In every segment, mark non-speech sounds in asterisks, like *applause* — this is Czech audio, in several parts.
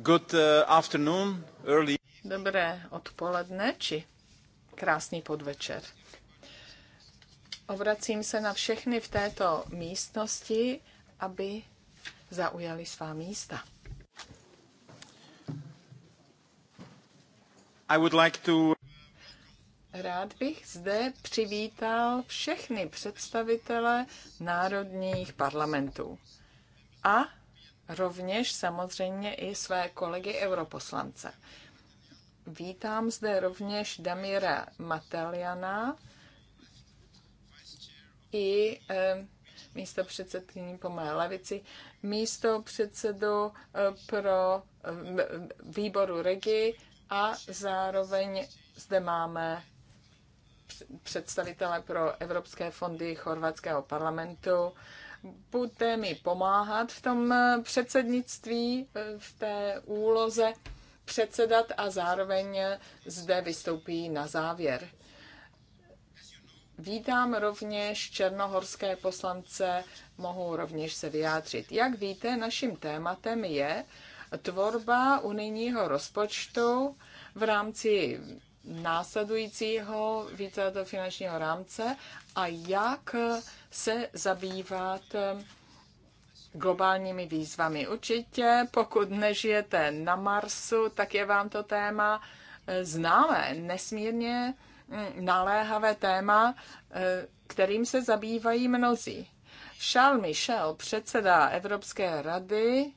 Good uh, afternoon, early. Dobré odpoledne či krásný podvečer. Obracím se na všechny v této místnosti, aby zaujali svá místa. I would like to... Rád bych zde přivítal všechny představitele národních parlamentů a rovněž samozřejmě i své kolegy europoslance. Vítám zde rovněž Damira Mateliana i eh, místo předsedkyní po mé levici, místo předsedu eh, pro eh, výboru Regi a zároveň zde máme představitele pro evropské fondy chorvatského parlamentu budete mi pomáhat v tom eh, předsednictví, eh, v té úloze předsedat a zároveň eh, zde vystoupí na závěr. Vítám rovněž černohorské poslance, mohou rovněž se vyjádřit. Jak víte, naším tématem je tvorba unijního rozpočtu v rámci následujícího víceletého finančního rámce a jak se zabývat eh, globálními výzvami. Určitě, pokud nežijete na Marsu, tak je vám to téma eh, známé, nesmírně hm, naléhavé téma, eh, kterým se zabývají mnozí. Charles Michel, předseda Evropské rady,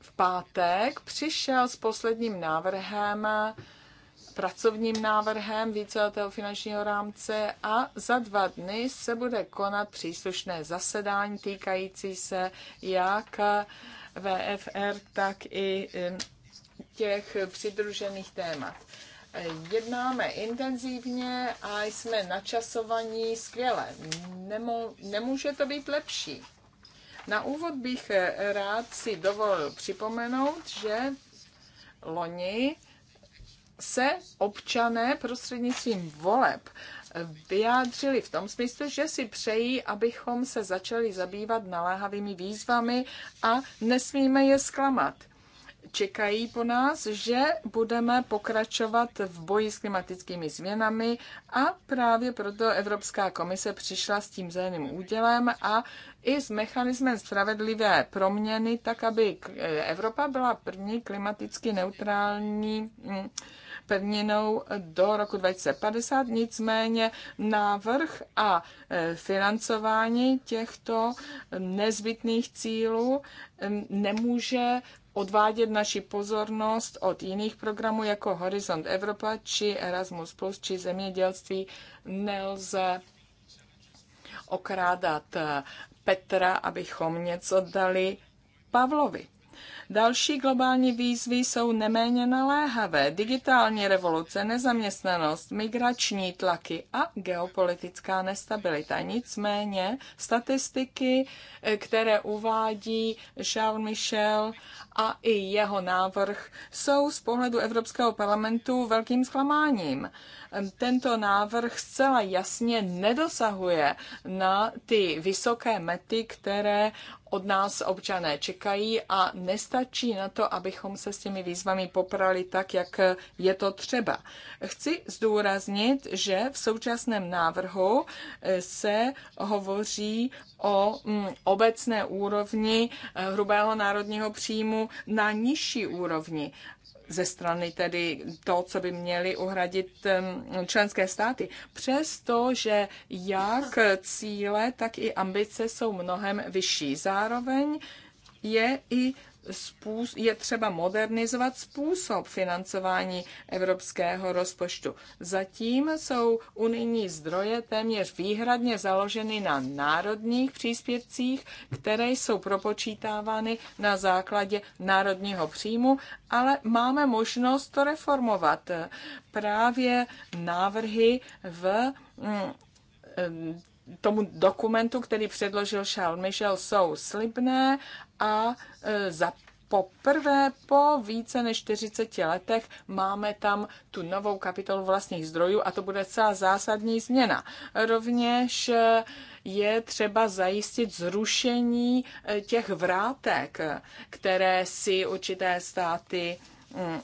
v pátek přišel s posledním návrhem pracovním návrhem víceletého finančního rámce a za dva dny se bude konat příslušné zasedání týkající se jak VFR, tak i těch přidružených témat. Jednáme intenzivně a jsme načasovaní skvěle. Nemo, nemůže to být lepší. Na úvod bych rád si dovolil připomenout, že loni se občané prostřednictvím voleb vyjádřili v tom smyslu, že si přejí, abychom se začali zabývat naléhavými výzvami a nesmíme je zklamat. Čekají po nás, že budeme pokračovat v boji s klimatickými změnami a právě proto Evropská komise přišla s tím zeleným údělem a i s mechanismem spravedlivé proměny, tak aby Evropa byla první klimaticky neutrální mm, pevninou do roku 2050. Nicméně návrh a e, financování těchto nezbytných cílů nemůže odvádět naši pozornost od jiných programů jako Horizont Evropa či Erasmus+, plus či zemědělství. Nelze okrádat e, Petra, abychom něco dali Pavlovi. Další globální výzvy jsou neméně naléhavé. Digitální revoluce, nezaměstnanost, migrační tlaky a geopolitická nestabilita. Nicméně statistiky, eh, které uvádí Charles Michel a i jeho návrh, jsou z pohledu Evropského parlamentu velkým zklamáním. Ehm, tento návrh zcela jasně nedosahuje na ty vysoké mety, které od nás občané čekají a nestačí na to, abychom se s těmi výzvami poprali tak, jak je to třeba. Chci zdůraznit, že v současném návrhu eh, se hovoří o mm, obecné úrovni eh, hrubého národního příjmu na nižší úrovni ze strany tedy to, co by měly uhradit členské státy. Přestože jak cíle, tak i ambice jsou mnohem vyšší. Zároveň je i je třeba modernizovat způsob financování evropského rozpočtu. Zatím jsou unijní zdroje téměř výhradně založeny na národních příspěvcích, které jsou propočítávány na základě národního příjmu, ale máme možnost to reformovat. Právě návrhy v mm, mm, tomu dokumentu, který předložil Charles Michel, jsou slibné a e, za poprvé po více než 40 letech máme tam tu novou kapitolu vlastních zdrojů a to bude celá zásadní změna. Rovněž e, je třeba zajistit zrušení e, těch vrátek, které si určité státy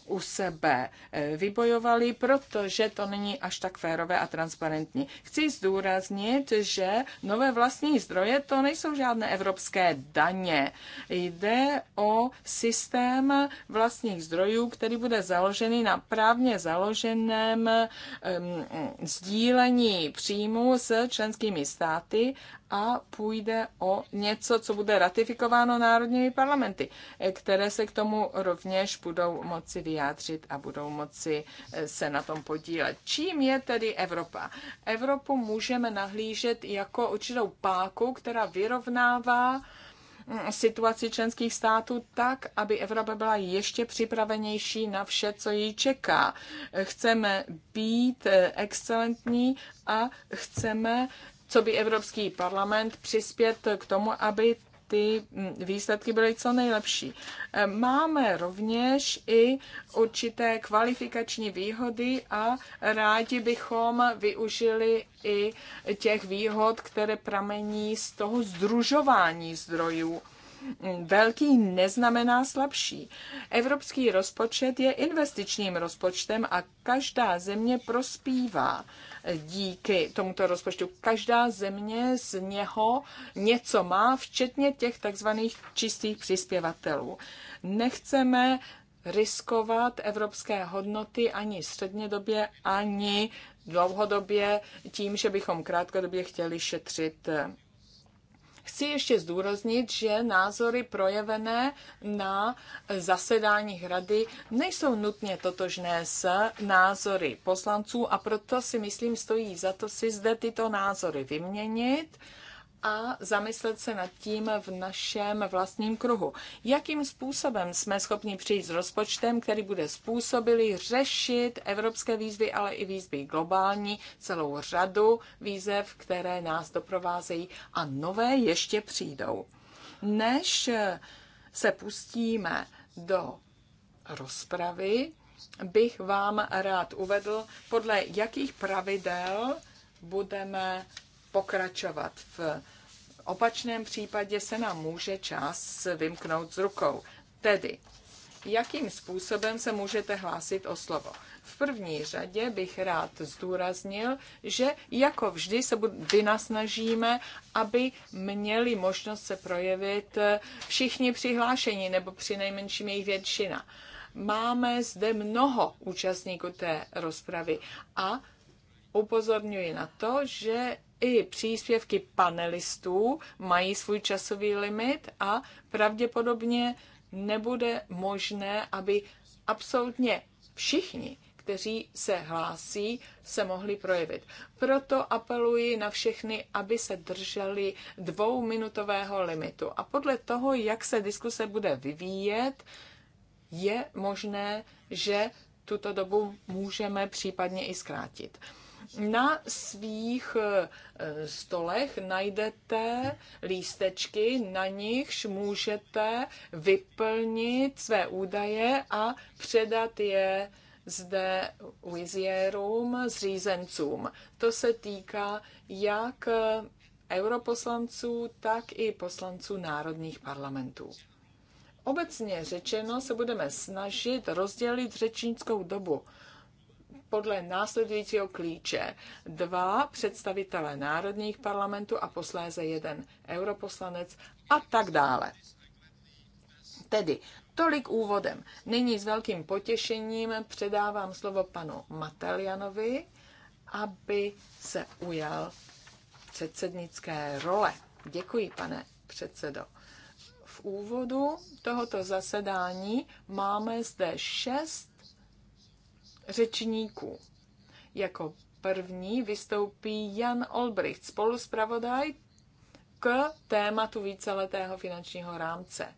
u sebe eh, vybojovali, protože to není až tak férové a transparentní. Chci zdůraznit, že nové vlastní zdroje to nejsou žádné evropské daně. Jde o systém vlastních zdrojů, který bude založený na právně založeném um, sdílení příjmu s členskými státy a půjde o něco, co bude ratifikováno národními parlamenty, eh, které se k tomu rovněž budou moci vyjádřit a budou moci eh, se na tom podílet. Čím je tedy Evropa? Evropu můžeme nahlížet jako určitou páku, která vyrovnává mm, situaci členských států tak, aby Evropa byla ještě připravenější na vše, co ji čeká. Chceme být eh, excelentní a chceme co by Evropský parlament přispět k tomu, aby ty mm, výsledky byly co nejlepší. Ehm, máme rovněž i určité kvalifikační výhody a rádi bychom využili i těch výhod, které pramení z toho združování zdrojů Velký neznamená slabší. Evropský rozpočet je investičním rozpočtem a každá země prospívá díky tomuto rozpočtu. Každá země z něho něco má, včetně těch takzvaných čistých přispěvatelů. Nechceme riskovat evropské hodnoty ani střednědobě, ani dlouhodobě tím, že bychom krátkodobě chtěli šetřit Chci ještě zdůraznit, že názory projevené na zasedání rady nejsou nutně totožné s názory poslanců a proto si myslím, stojí za to si zde tyto názory vyměnit a zamyslet se nad tím v našem vlastním kruhu. Jakým způsobem jsme schopni přijít s rozpočtem, který bude způsobili řešit evropské výzvy, ale i výzvy globální, celou řadu výzev, které nás doprovázejí a nové ještě přijdou. Než se pustíme do rozpravy, bych vám rád uvedl, podle jakých pravidel budeme pokračovat. V opačném případě se nám může čas vymknout z rukou. Tedy, jakým způsobem se můžete hlásit o slovo? V první řadě bych rád zdůraznil, že jako vždy se vynasnažíme, aby měli možnost se projevit eh, všichni přihlášení, nebo přinejmenším jejich většina. Máme zde mnoho účastníků té rozpravy a upozorňuji na to, že i příspěvky panelistů mají svůj časový limit a pravděpodobně nebude možné, aby absolutně všichni, kteří se hlásí, se mohli projevit. Proto apeluji na všechny, aby se drželi dvouminutového limitu. A podle toho, jak se diskuse bude vyvíjet, je možné, že tuto dobu můžeme případně i zkrátit. Na svých eh, stolech najdete lístečky, na nichž můžete vyplnit své údaje a předat je zde Wizierům, zřízencům. To se týká jak eh, europoslanců, tak i poslanců národních parlamentů. Obecně řečeno se budeme snažit rozdělit řečnickou dobu podle následujícího klíče. Dva představitelé národních parlamentů a posléze jeden europoslanec a tak dále. Tedy tolik úvodem. Nyní s velkým potěšením předávám slovo panu Matelianovi, aby se ujal předsednické role. Děkuji, pane předsedo. V úvodu tohoto zasedání máme zde šest řečníků. Jako první vystoupí Jan Olbricht, spoluspravodaj k tématu víceletého finančního rámce.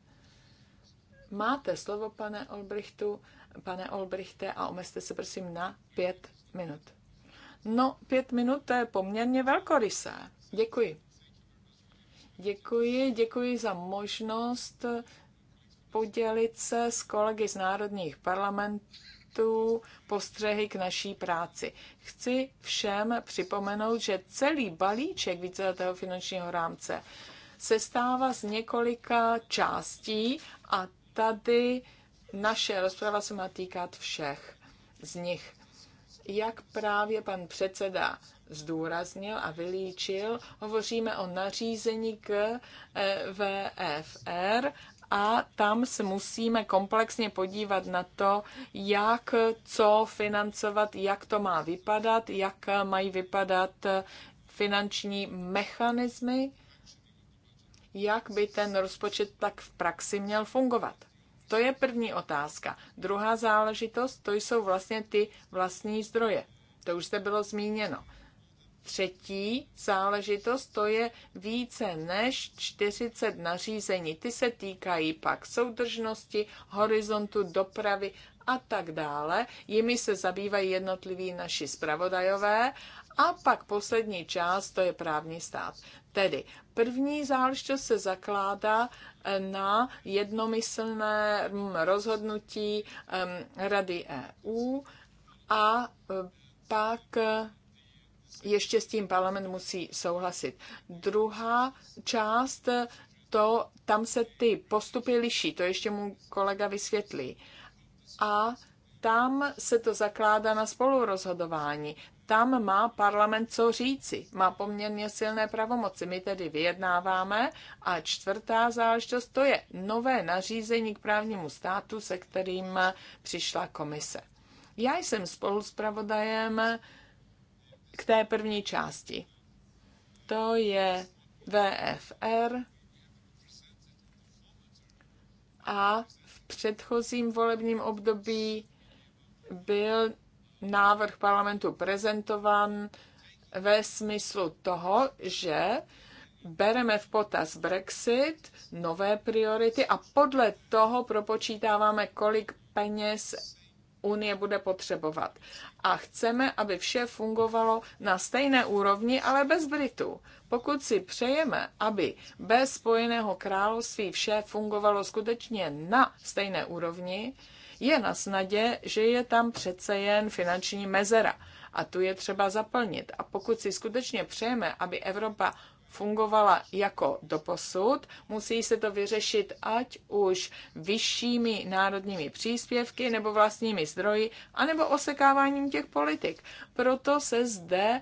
Máte slovo, pane Olbrichtu, pane Olbrichte, a omezte se prosím na pět minut. No, pět minut to je poměrně velkorysé. Děkuji. Děkuji, děkuji za možnost podělit se s kolegy z národních parlamentů tu postřehy k naší práci. Chci všem připomenout, že celý balíček víceletého finančního rámce se stává z několika částí a tady naše rozprava se má týkat všech z nich. Jak právě pan předseda zdůraznil a vylíčil, hovoříme o nařízení k e VFR a tam se musíme komplexně podívat na to, jak co financovat, jak to má vypadat, jak mají vypadat finanční mechanismy, jak by ten rozpočet tak v praxi měl fungovat. To je první otázka. Druhá záležitost, to jsou vlastně ty vlastní zdroje. To už zde bylo zmíněno. Třetí záležitost to je více než 40 nařízení. Ty se týkají pak soudržnosti, horizontu dopravy a tak dále. Jimi se zabývají jednotliví naši zpravodajové. A pak poslední část, to je právní stát. Tedy první záležitost se zakládá eh, na jednomyslném rozhodnutí Rady EU a eh, pak ještě s tím parlament musí souhlasit. Druhá část, to, tam se ty postupy liší, to ještě mu kolega vysvětlí. A tam se to zakládá na spolurozhodování. Tam má parlament co říci, má poměrně silné pravomoci. My tedy vyjednáváme. A čtvrtá záležitost, to je nové nařízení k právnímu státu, se kterým přišla komise. Já jsem spolu s pravodajem k té první části. To je VFR a v předchozím volebním období byl návrh parlamentu prezentován ve smyslu toho, že bereme v potaz Brexit, nové priority a podle toho propočítáváme, kolik peněz Unie bude potřebovat. A chceme, aby vše fungovalo na stejné úrovni, ale bez Britů. Pokud si přejeme, aby bez Spojeného království vše fungovalo skutečně na stejné úrovni, je na snadě, že je tam přece jen finanční mezera a tu je třeba zaplnit. A pokud si skutečně přejeme, aby Evropa fungovala jako doposud. Musí se to vyřešit ať už vyššími národními příspěvky nebo vlastními zdroji, anebo osekáváním těch politik. Proto se zde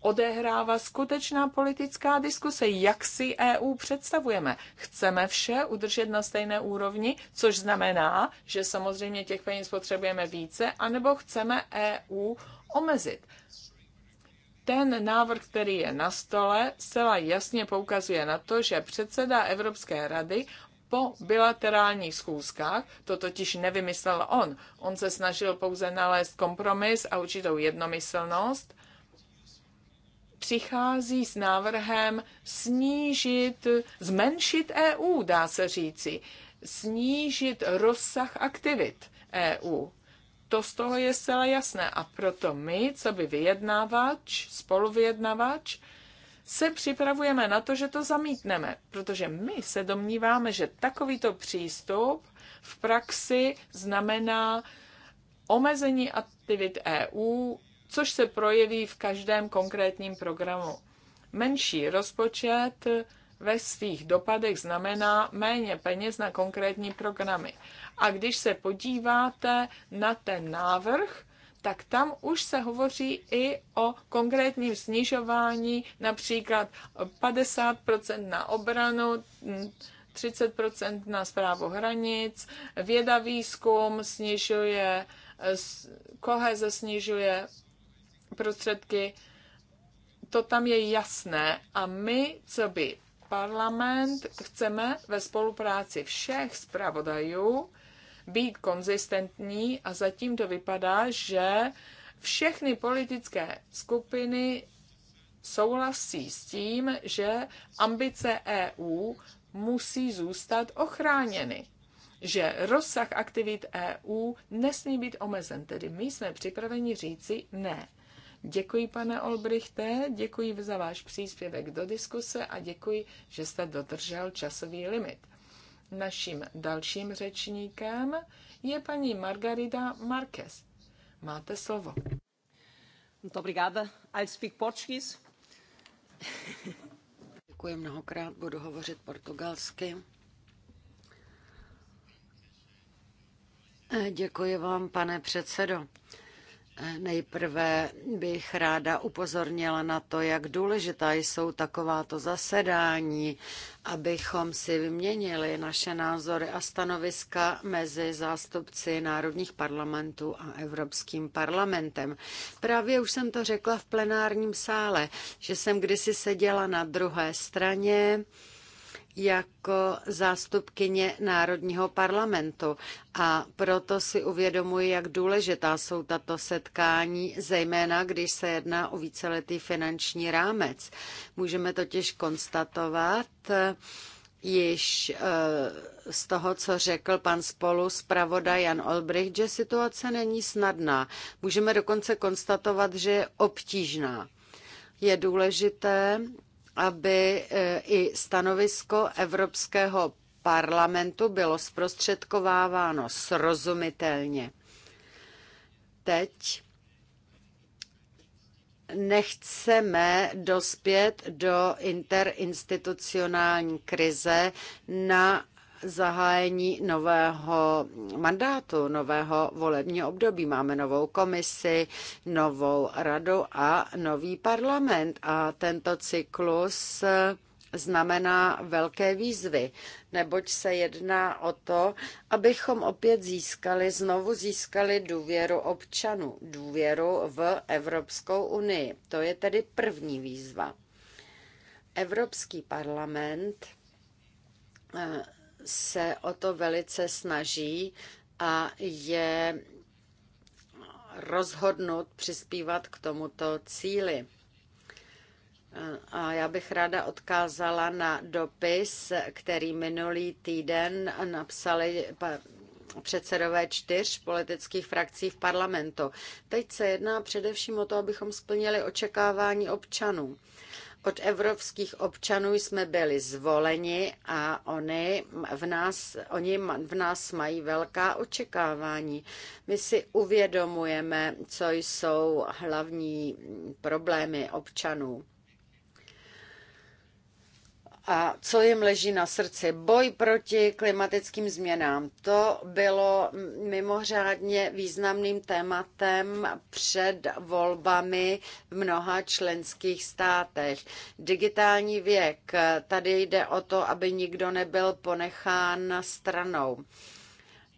odehrává skutečná politická diskuse, jak si EU představujeme. Chceme vše udržet na stejné úrovni, což znamená, že samozřejmě těch peněz potřebujeme více, anebo chceme EU omezit ten návrh, který je na stole, zcela jasně poukazuje na to, že předseda Evropské rady po bilaterálních schůzkách, to totiž nevymyslel on, on se snažil pouze nalézt kompromis a určitou jednomyslnost, přichází s návrhem snížit, zmenšit EU, dá se říci, snížit rozsah aktivit EU to z toho je zcela jasné. A proto my, co by vyjednávač, spoluvyjednávač, se připravujeme na to, že to zamítneme, protože my se domníváme, že takovýto přístup v praxi znamená omezení aktivit EU, což se projeví v každém konkrétním programu. Menší rozpočet ve svých dopadech znamená méně peněz na konkrétní programy. A když se podíváte na ten návrh, tak tam už se hovoří i o konkrétním snižování, například 50% na obranu, 30% na zprávu hranic, věda výzkum snižuje, koheze snižuje prostředky. To tam je jasné. A my, co by parlament, chceme ve spolupráci všech zpravodajů být konzistentní a zatím to vypadá, že všechny politické skupiny souhlasí s tím, že ambice EU musí zůstat ochráněny že rozsah aktivit EU nesmí být omezen. Tedy my jsme připraveni říci ne. Děkuji, pane Olbrichte, děkuji za váš příspěvek do diskuse a děkuji, že jste dodržel časový limit. Naším dalším řečníkem je paní Margarida Marquez. Máte slovo. Muito obrigada. I speak Portuguese. Děkuji mnohokrát, budu hovořit portugalsky. Děkuji vám, pane předsedo. Nejprve bych ráda upozornila na to, jak důležitá jsou takováto zasedání, abychom si vyměnili naše názory a stanoviska mezi zástupci národních parlamentů a Evropským parlamentem. Právě už jsem to řekla v plenárním sále, že jsem kdysi seděla na druhé straně jako zástupkyně Národního parlamentu a proto si uvědomuji, jak důležitá jsou tato setkání, zejména když se jedná o víceletý finanční rámec. Můžeme totiž konstatovat, již eh, z toho, co řekl pan spolu zpravodaj Jan Olbrich, že situace není snadná. Můžeme dokonce konstatovat, že je obtížná. Je důležité, aby e, i stanovisko Evropského parlamentu bylo zprostředkováváno srozumitelně. Teď nechceme dospět do interinstitucionální krize na zahájení nového mandátu, nového volebního období. Máme novou komisi, novou radu a nový parlament. A tento cyklus znamená velké výzvy, neboť se jedná o to, abychom opět získali, znovu získali důvěru občanů, důvěru v Evropskou unii. To je tedy první výzva. Evropský parlament eh, se o to velice snaží a je rozhodnut přispívat k tomuto cíli. A já bych ráda odkázala na dopis, který minulý týden napsali předsedové čtyř politických frakcí v parlamentu. Teď se jedná především o to, abychom splnili očekávání občanů. Od evropských občanů jsme byli zvoleni a oni v nás, oni v nás mají velká očekávání. My si uvědomujeme, co jsou hlavní problémy občanů a co jim leží na srdci. Boj proti klimatickým změnám. To bylo mimořádně významným tématem před volbami v mnoha členských státech. Digitální věk. Tady jde o to, aby nikdo nebyl ponechán stranou.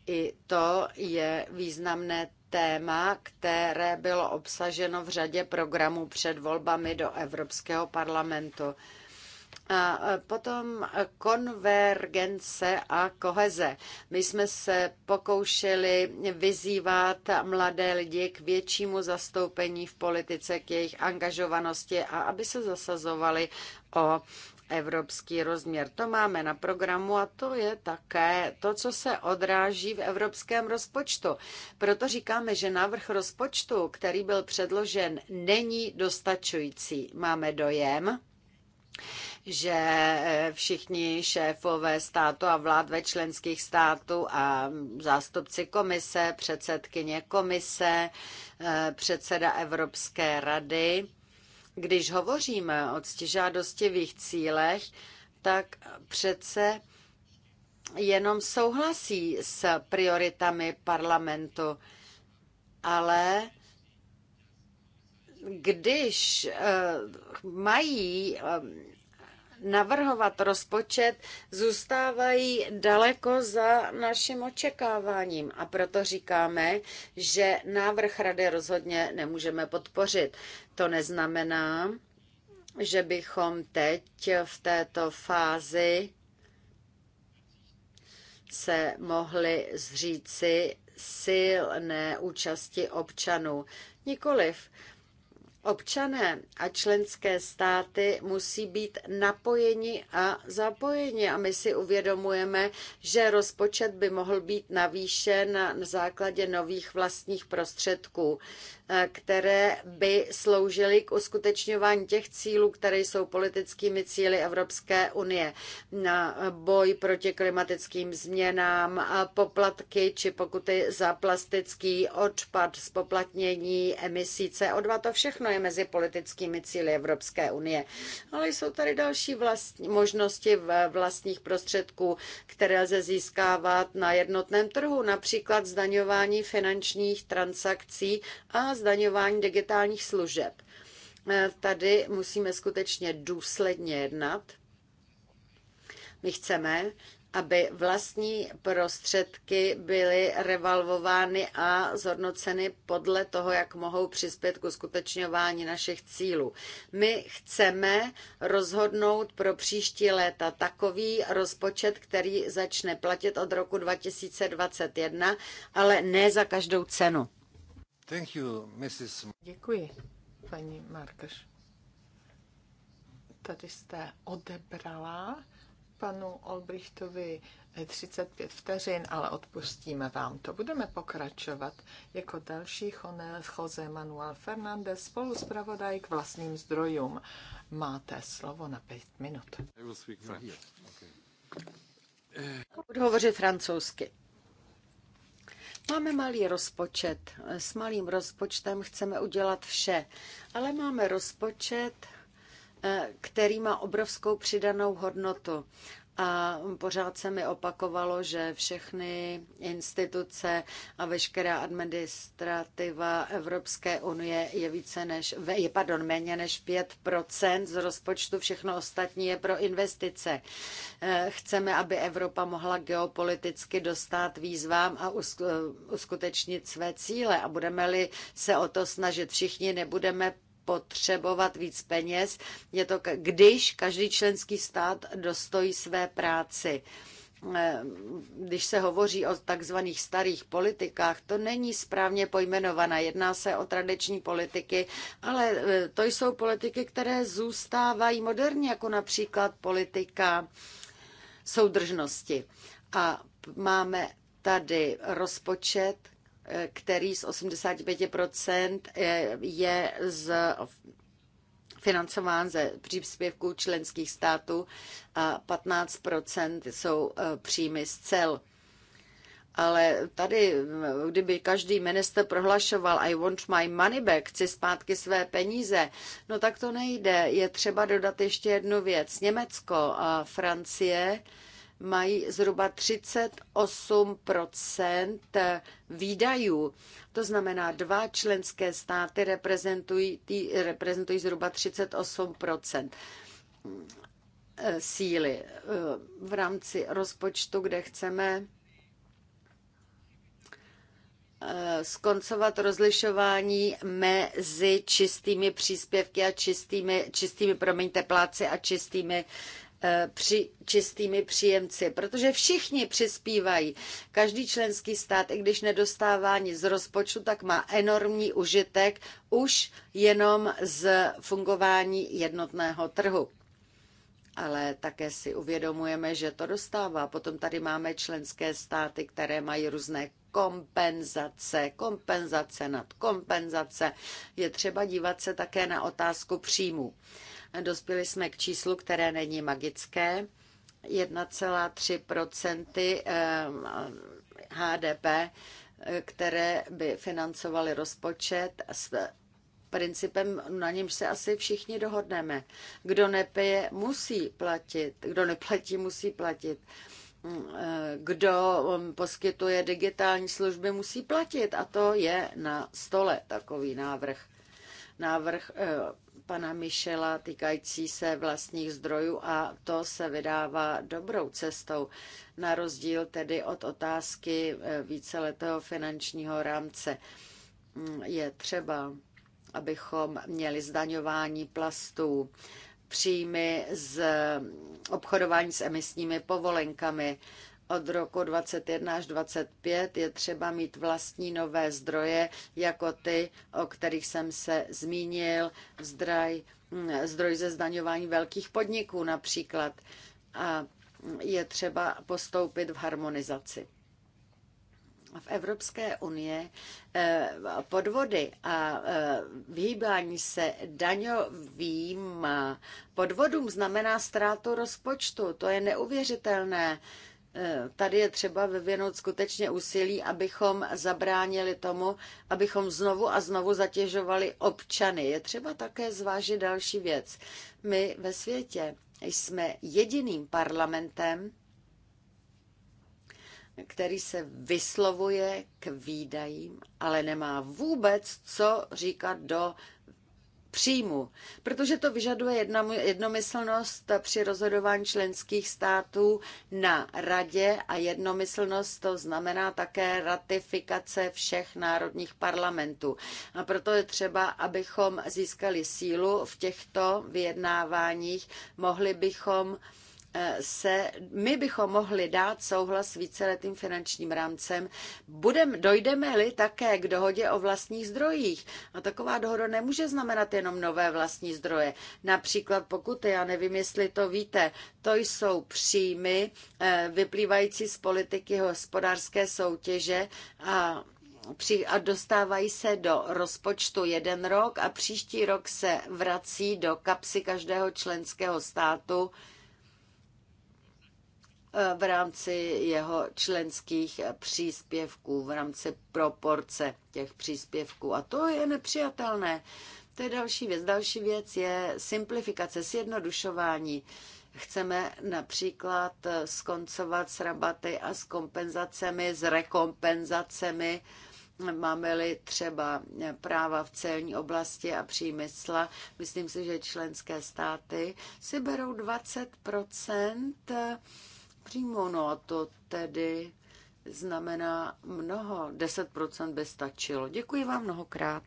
I to je významné téma, které bylo obsaženo v řadě programů před volbami do Evropského parlamentu. A potom konvergence a koheze. My jsme se pokoušeli vyzývat mladé lidi k většímu zastoupení v politice, k jejich angažovanosti a aby se zasazovali o evropský rozměr. To máme na programu a to je také to, co se odráží v evropském rozpočtu. Proto říkáme, že návrh rozpočtu, který byl předložen, není dostačující. Máme dojem, že e, všichni šéfové státu a vlád ve členských států a zástupci komise, předsedkyně komise, e, předseda Evropské rady, když hovoříme o ctižádostivých cílech, tak přece jenom souhlasí s prioritami parlamentu, ale když e, mají navrhovat rozpočet, zůstávají daleko za naším očekáváním. A proto říkáme, že návrh rady rozhodně nemůžeme podpořit. To neznamená, že bychom teď v této fázi se mohli zříci silné účasti občanů. Nikoliv. Občané a členské státy musí být napojeni a zapojeni a my si uvědomujeme, že rozpočet by mohl být navýšen na základě nových vlastních prostředků které by sloužily k uskutečňování těch cílů, které jsou politickými cíly Evropské unie. Na boj proti klimatickým změnám, poplatky či pokuty za plastický odpad, spoplatnění emisí CO2, to všechno je mezi politickými cíly Evropské unie. Ale jsou tady další vlastní, možnosti vlastních prostředků, které lze získávat na jednotném trhu, například zdaňování finančních transakcí a zdaňování digitálních služeb. Eh, tady musíme skutečně důsledně jednat. My chceme, aby vlastní prostředky byly revalvovány a zhodnoceny podle toho, jak mohou přispět k uskutečňování našich cílů. My chceme rozhodnout pro příští léta takový rozpočet, který začne platit od roku 2021, ale ne za každou cenu. Thank you, Mrs. Děkuji, paní Markeš. Tady jste odebrala panu Olbrichtovi 35 vteřin, ale odpustíme vám to. Budeme pokračovat jako další Jose Manuel Fernández, spoluzpravodaj k vlastním zdrojům. Máte slovo na pět minut. Budu hovořit francouzsky. Máme malý rozpočet. S malým rozpočtem chceme udělat vše, ale máme rozpočet, eh, který má obrovskou přidanou hodnotu a pořád se mi opakovalo, že všechny instituce a veškerá administrativa Evropské unie je více než, je, pardon, méně než 5% z rozpočtu, všechno ostatní je pro investice. Eh, chceme, aby Evropa mohla geopoliticky dostat výzvám a eh, uskutečnit své cíle a budeme-li se o to snažit všichni, nebudeme potřebovat víc peněz. Je to, když každý členský stát dostojí své práci eh, když se hovoří o takzvaných starých politikách, to není správně pojmenované. Jedná se o tradiční politiky, ale eh, to jsou politiky, které zůstávají moderní, jako například politika soudržnosti. A máme tady rozpočet, který z 85% eh, je z financován ze příspěvků členských států a 15 jsou eh, příjmy z cel. Ale tady, eh, kdyby každý minister prohlašoval I want my money back, chci zpátky své peníze, no tak to nejde. Je třeba dodat ještě jednu věc. Německo a Francie mají zhruba 38 výdajů. To znamená, dva členské státy reprezentují, reprezentují zhruba 38 síly v rámci rozpočtu, kde chceme eh, skoncovat rozlišování mezi čistými příspěvky a čistými, čistými promiňte, pláci a čistými Eh, při, čistými příjemci, protože všichni přispívají. Každý členský stát, i když nedostává nic z rozpočtu, tak má enormní užitek už jenom z fungování jednotného trhu. Ale také si uvědomujeme, že to dostává. Potom tady máme členské státy, které mají různé kompenzace, kompenzace nad kompenzace. Je třeba dívat se také na otázku příjmů. Dospěli jsme k číslu, které není magické. 1,3 eh, HDP, které by financovaly rozpočet s principem, na němž se asi všichni dohodneme. Kdo nepije, musí platit. Kdo neplatí, musí platit eh, kdo mm, poskytuje digitální služby, musí platit. A to je na stole takový návrh. Návrh eh, pana Michela týkající se vlastních zdrojů a to se vydává dobrou cestou, na rozdíl tedy od otázky eh, víceletého finančního rámce. Mm, je třeba, abychom měli zdaňování plastů, příjmy z obchodování s emisními povolenkami, od roku 21 až 25 je třeba mít vlastní nové zdroje, jako ty, o kterých jsem se zmínil, zdraj, hm, zdroj ze zdaňování velkých podniků například. A je třeba postoupit v harmonizaci v Evropské unii. Eh, podvody a eh, vyhýbání se daňovým eh, podvodům znamená ztrátu rozpočtu. To je neuvěřitelné. Eh, tady je třeba vyvinout skutečně úsilí, abychom zabránili tomu, abychom znovu a znovu zatěžovali občany. Je třeba také zvážit další věc. My ve světě jsme jediným parlamentem, který se vyslovuje k výdajím, ale nemá vůbec co říkat do příjmu, protože to vyžaduje jednomyslnost při rozhodování členských států na radě a jednomyslnost to znamená také ratifikace všech národních parlamentů. A proto je třeba, abychom získali sílu v těchto vyjednáváních, mohli bychom se my bychom mohli dát souhlas s víceletým finančním rámcem, budem, dojdeme-li také k dohodě o vlastních zdrojích. A taková dohoda nemůže znamenat jenom nové vlastní zdroje. Například pokuty, já nevím, jestli to víte, to jsou příjmy eh, vyplývající z politiky hospodářské soutěže a a dostávají se do rozpočtu jeden rok a příští rok se vrací do kapsy každého členského státu Eh, v rámci jeho členských příspěvků, v rámci proporce těch příspěvků. A to je nepřijatelné. To je další věc. Další věc je simplifikace, sjednodušování. Chceme například eh, skoncovat s rabaty a s kompenzacemi, s rekompenzacemi, máme-li třeba eh, práva v celní oblasti a přímysla, myslím si, že členské státy si berou 20 Přímo, No a to tedy znamená mnoho. 10% by stačilo. Děkuji vám mnohokrát.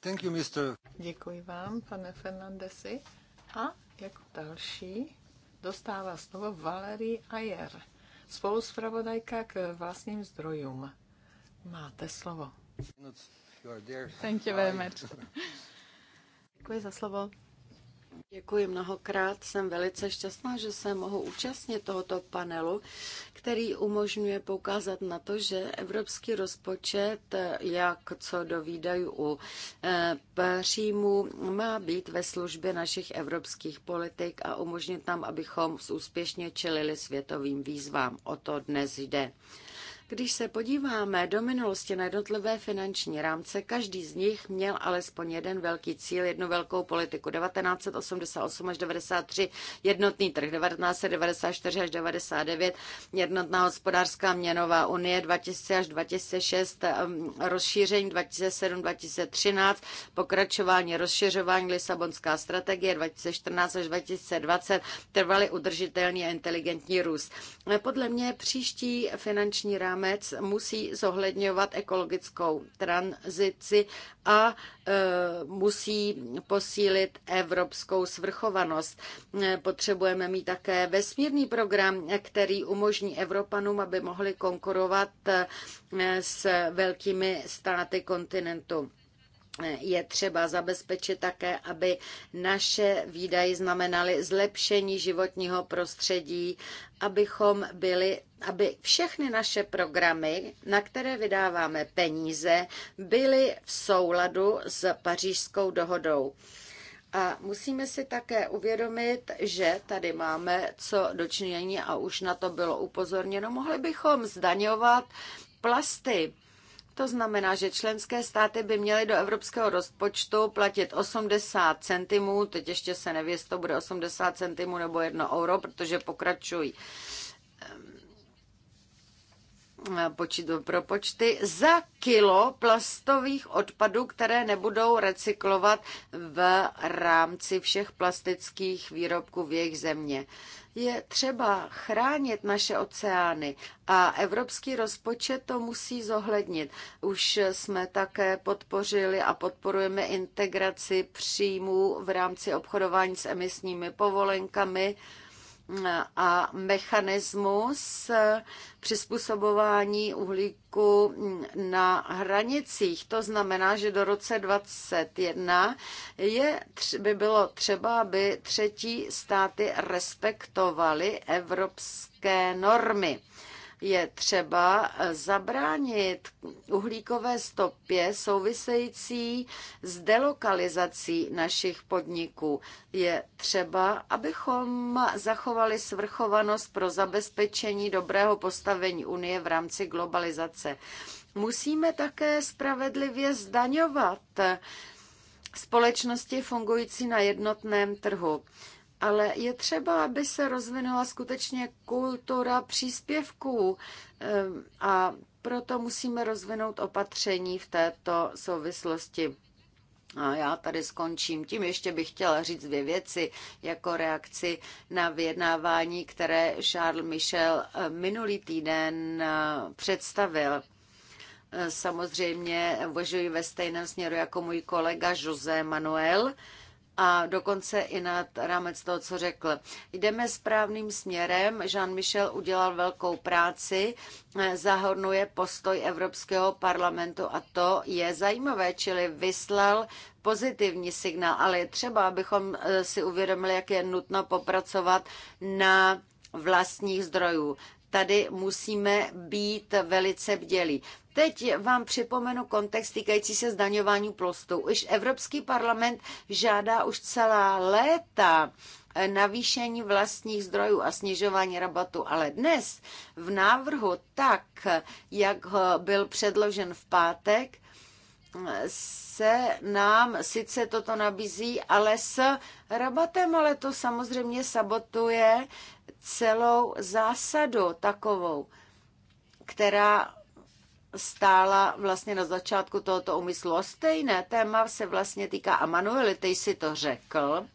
Thank you, mister. Děkuji vám, pane Fernandesi. A jako další dostává slovo Valerie Ayer, spoluspravodajka k vlastním zdrojům. Máte slovo. Thank you very much. Děkuji za slovo. Děkuji mnohokrát. Jsem velice šťastná, že se mohu účastnit tohoto panelu, který umožňuje poukázat na to, že evropský rozpočet, jak co do výdajů u eh, příjmu, má být ve službě našich evropských politik a umožnit nám, abychom úspěšně čelili světovým výzvám. O to dnes jde. Když se podíváme do minulosti na jednotlivé finanční rámce, každý z nich měl alespoň jeden velký cíl, jednu velkou politiku. 1988 až 93 jednotný trh, 1994 až 99 jednotná hospodářská měnová unie, 2000 až 2006 rozšíření, 2007-2013 pokračování rozšiřování Lisabonská strategie, 2014 až 2020 trvalý udržitelný a inteligentní růst. Podle mě příští finanční rámce rámec musí zohledňovat ekologickou tranzici a e, musí posílit evropskou svrchovanost. E, potřebujeme mít také vesmírný program, který umožní Evropanům, aby mohli konkurovat e, s velkými státy kontinentu je třeba zabezpečit také, aby naše výdaje znamenaly zlepšení životního prostředí, abychom byli, aby všechny naše programy, na které vydáváme peníze, byly v souladu s pařížskou dohodou. A musíme si také uvědomit, že tady máme co dočinění a už na to bylo upozorněno. Mohli bychom zdaňovat plasty to znamená, že členské státy by měly do evropského rozpočtu platit 80 centimů, teď ještě se neví, jestli to bude 80 centimů nebo 1 euro, protože pokračují počít pro počty za kilo plastových odpadů, které nebudou recyklovat v rámci všech plastických výrobků v jejich země. Je třeba chránit naše oceány a evropský rozpočet to musí zohlednit. Už jsme také podpořili a podporujeme integraci příjmů v rámci obchodování s emisními povolenkami a mechanismus přizpůsobování uhlíku na hranicích. To znamená, že do roce 2021 je, by bylo třeba, aby třetí státy respektovaly evropské normy je třeba zabránit uhlíkové stopě související s delokalizací našich podniků. Je třeba, abychom zachovali svrchovanost pro zabezpečení dobrého postavení Unie v rámci globalizace. Musíme také spravedlivě zdaňovat společnosti fungující na jednotném trhu ale je třeba, aby se rozvinula skutečně kultura příspěvků ehm, a proto musíme rozvinout opatření v této souvislosti. A já tady skončím. Tím ještě bych chtěla říct dvě věci jako reakci na vyjednávání, které Charles Michel ehm, minulý týden ehm, představil. Samozřejmě uvažuji ve stejném směru jako můj kolega José Manuel a dokonce i nad rámec toho, co řekl. Jdeme správným směrem. Jean-Michel udělal velkou práci, eh, zahornuje postoj Evropského parlamentu a to je zajímavé, čili vyslal pozitivní signál, ale je třeba, abychom eh, si uvědomili, jak je nutno popracovat na vlastních zdrojů tady musíme být velice bdělí. Teď vám připomenu kontext týkající se zdaňování plostů. Už Evropský parlament žádá už celá léta navýšení vlastních zdrojů a snižování rabatu, ale dnes v návrhu tak, jak byl předložen v pátek, se nám sice toto nabízí, ale s rabatem, ale to samozřejmě sabotuje celou zásadu takovou, která stála vlastně na začátku tohoto umyslu. A stejné téma se vlastně týká, a ty jsi to řekl,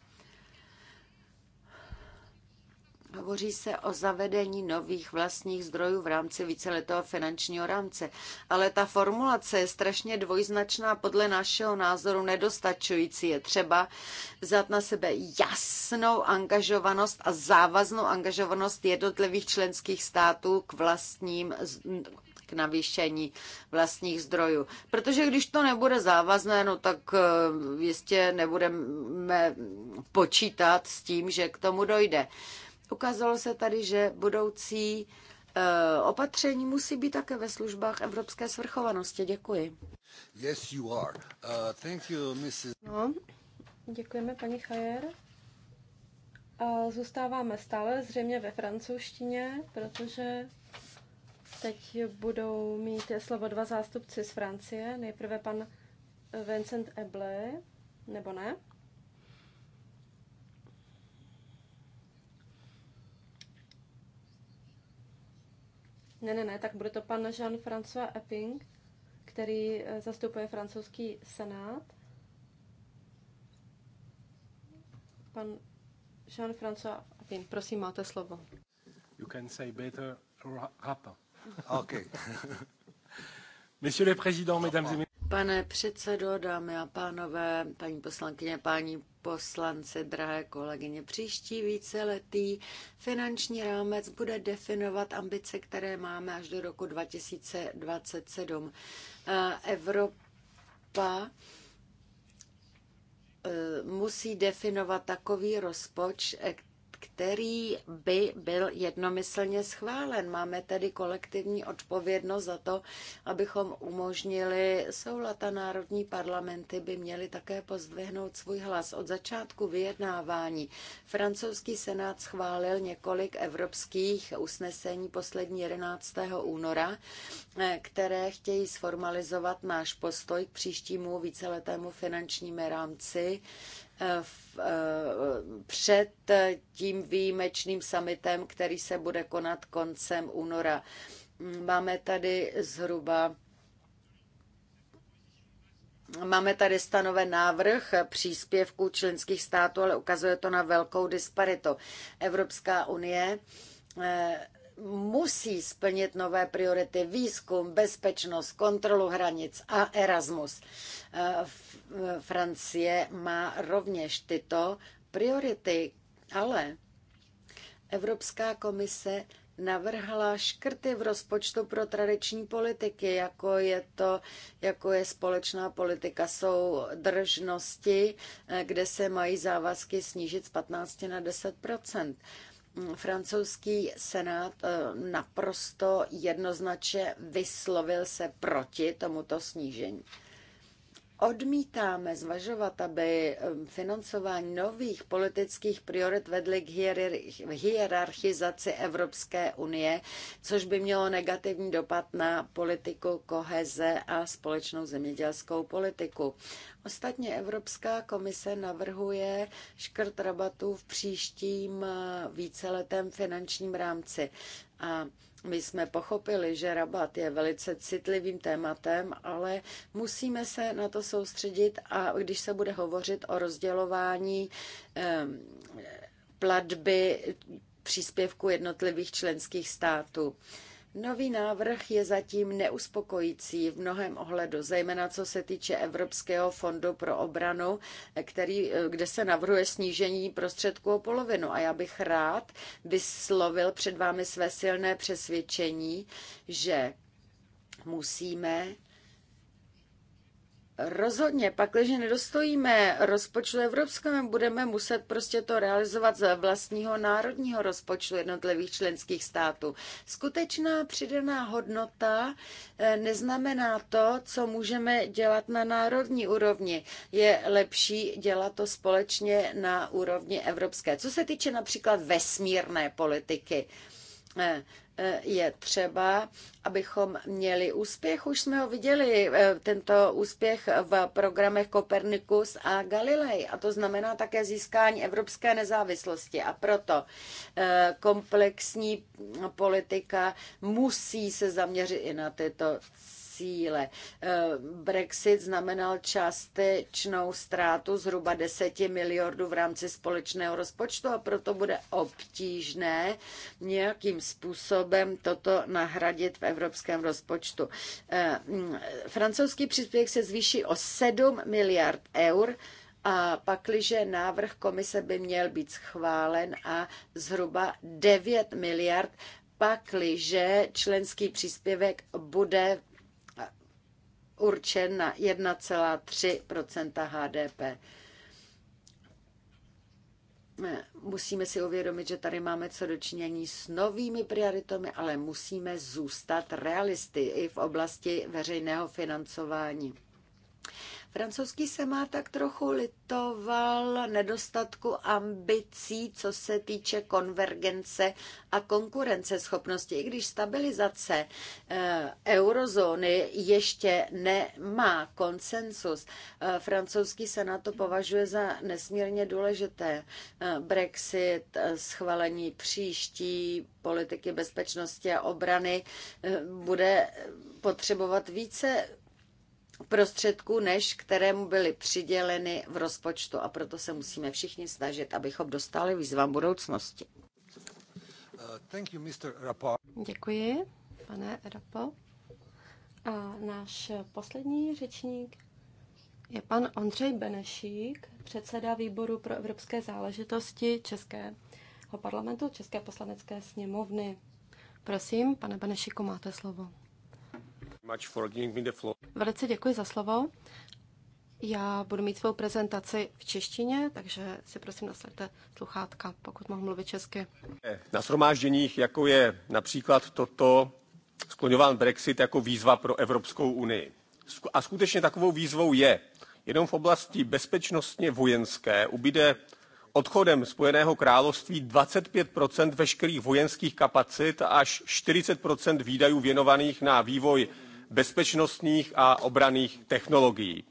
Hovoří se o zavedení nových vlastních zdrojů v rámci víceletého finančního rámce, ale ta formulace je strašně dvojznačná, podle našeho názoru nedostačující. Je třeba vzat na sebe jasnou angažovanost a závaznou angažovanost jednotlivých členských států k vlastním k navýšení vlastních zdrojů. Protože když to nebude závazné, no tak eh, jistě nebudeme počítat s tím, že k tomu dojde. Ukázalo se tady, že budoucí eh, opatření musí být také ve službách evropské svrchovanosti. Děkuji. Yes, you are. Uh, thank you, Mrs. No, děkujeme, paní Chajer. A zůstáváme stále zřejmě ve francouzštině, protože teď budou mít slovo dva zástupci z Francie. Nejprve pan Vincent Eble, nebo ne? Ne, ne, ne, tak bude to pan Jean-François Epping, který eh, zastupuje francouzský senát. Pan Jean-François Epping, prosím, máte slovo. You can say better rapper. Okay. *laughs* Monsieur le président, mesdames et messieurs. Pane předsedo, dámy a pánové, paní poslankyně, páni poslanci, drahé kolegyně. Příští víceletý finanční rámec bude definovat ambice, které máme až do roku 2027. Evropa e, musí definovat takový rozpoč, e, který by byl jednomyslně schválen. Máme tedy kolektivní odpovědnost za to, abychom umožnili soulata národní parlamenty by měly také pozdvihnout svůj hlas. Od začátku vyjednávání francouzský senát schválil několik evropských usnesení poslední 11. února, které chtějí sformalizovat náš postoj k příštímu víceletému finančnímu rámci Eh, před tím výjimečným summitem, který se bude konat koncem února. Máme tady zhruba Máme tady stanoven návrh příspěvků členských států, ale ukazuje to na velkou disparitu. Evropská unie eh, musí splnit nové priority výzkum, bezpečnost, kontrolu hranic a Erasmus. Eh, eh, Francie má rovněž tyto priority, ale Evropská komise navrhla škrty v rozpočtu pro tradiční politiky, jako je, to, jako je společná politika jsou držnosti, eh, kde se mají závazky snížit z 15 na 10 francouzský senát eh, naprosto jednoznačně vyslovil se proti tomuto snížení. Odmítáme zvažovat, aby financování nových politických priorit vedly k hierarchizaci Evropské unie, což by mělo negativní dopad na politiku koheze a společnou zemědělskou politiku. Ostatně Evropská komise navrhuje škrt rabatů v příštím eh, víceletém finančním rámci. A my jsme pochopili, že rabat je velice citlivým tématem, ale musíme se na to soustředit a když se bude hovořit o rozdělování platby příspěvku jednotlivých členských států. Nový návrh je zatím neuspokojící v mnohem ohledu, zejména co se týče Evropského fondu pro obranu, který, eh, kde se navrhuje snížení prostředků o polovinu. A já bych rád vyslovil před vámi své silné přesvědčení, že musíme Rozhodně, pakliže nedostojíme rozpočtu evropskému, budeme muset prostě to realizovat z vlastního národního rozpočtu jednotlivých členských států. Skutečná přidaná hodnota eh, neznamená to, co můžeme dělat na národní úrovni. Je lepší dělat to společně na úrovni evropské. Co se týče například vesmírné politiky, eh, Eh, je třeba, abychom měli úspěch. Už jsme ho viděli, eh, tento úspěch v programech Kopernikus a Galilei. A to znamená také získání evropské nezávislosti. A proto eh, komplexní politika musí se zaměřit i na tyto cíle. Eh, Brexit znamenal částečnou ztrátu zhruba 10 miliardů v rámci společného rozpočtu a proto bude obtížné nějakým způsobem toto nahradit v evropském rozpočtu. Eh, mm, francouzský příspěvek se zvýší o 7 miliard eur a pakliže návrh komise by měl být schválen a zhruba 9 miliard, pakliže členský příspěvek bude určen na 1,3 HDP. Musíme si uvědomit, že tady máme co dočinění s novými prioritami, ale musíme zůstat realisty i v oblasti veřejného financování. Francouzský se má tak trochu litoval nedostatku ambicí, co se týče konvergence a konkurenceschopnosti, i když stabilizace eh, eurozóny ještě nemá konsensus. Eh, francouzský se na to považuje za nesmírně důležité. Eh, Brexit, schválení příští politiky bezpečnosti a obrany bude potřebovat více prostředků, než kterému byly přiděleny v rozpočtu. A proto se musíme všichni snažit, abychom dostali výzvám budoucnosti. Děkuji, pane Rapo. A náš poslední řečník je pan Ondřej Benešík, předseda výboru pro evropské záležitosti Českého parlamentu, České poslanecké sněmovny. Prosím, pane Benešiku, máte slovo. Velice děkuji za slovo. Já budu mít svou prezentaci v češtině, takže si prosím nasledte sluchátka, pokud mohu mluvit česky. Na shromážděních, jako je například toto, skloňován Brexit jako výzva pro Evropskou unii. A skutečně takovou výzvou je. Jenom v oblasti bezpečnostně vojenské ubyde odchodem Spojeného království 25 veškerých vojenských kapacit až 40 výdajů věnovaných na vývoj bezpečnostních a obraných technologií. E,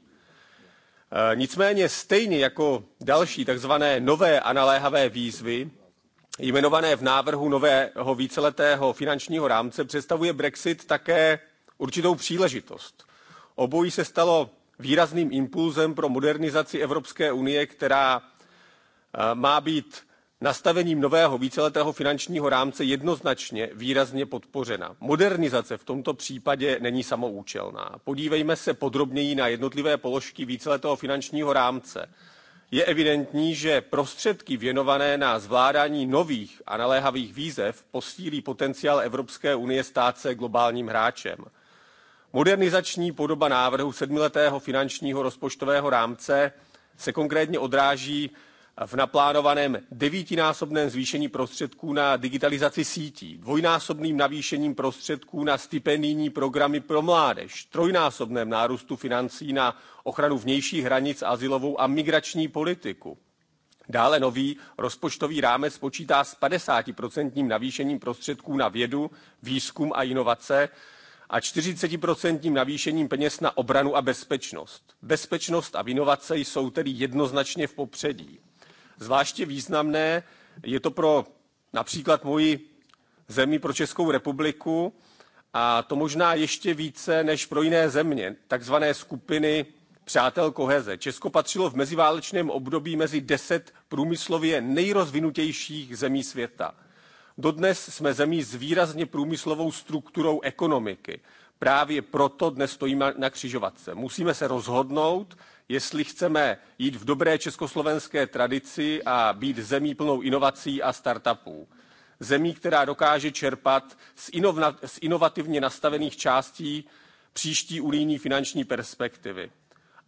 nicméně stejně jako další tzv. nové a naléhavé výzvy, jmenované v návrhu nového víceletého finančního rámce, představuje Brexit také určitou příležitost. Obojí se stalo výrazným impulzem pro modernizaci Evropské unie, která e, má být nastavením nového víceletého finančního rámce jednoznačně výrazně podpořena. Modernizace v tomto případě není samoučelná. Podívejme se podrobněji na jednotlivé položky víceletého finančního rámce. Je evidentní, že prostředky věnované na zvládání nových a naléhavých výzev posílí potenciál Evropské unie stát se globálním hráčem. Modernizační podoba návrhu sedmiletého finančního rozpočtového rámce se konkrétně odráží v naplánovaném devítinásobném zvýšení prostředků na digitalizaci sítí, dvojnásobným navýšením prostředků na stipendijní programy pro mládež, trojnásobném nárůstu financí na ochranu vnějších hranic, asilovou a migrační politiku. Dále nový rozpočtový rámec počítá s 50% navýšením prostředků na vědu, výzkum a inovace, a 40% navýšením peněz na obranu a bezpečnost. Bezpečnost a inovace jsou tedy jednoznačně v popředí. Zvláště významné je to pro například moji zemi, pro Českou republiku a to možná ještě více než pro jiné země, takzvané skupiny přátel koheze. Česko patřilo v meziválečném období mezi deset průmyslově nejrozvinutějších zemí světa. Dodnes jsme zemí s výrazně průmyslovou strukturou ekonomiky. Právě proto dnes stojíme na křižovatce. Musíme se rozhodnout, jestli chceme jít v dobré československé tradici a být zemí plnou inovací a startupů. Zemí, která dokáže čerpat z, inovna, z inovativně nastavených částí příští unijní finanční perspektivy.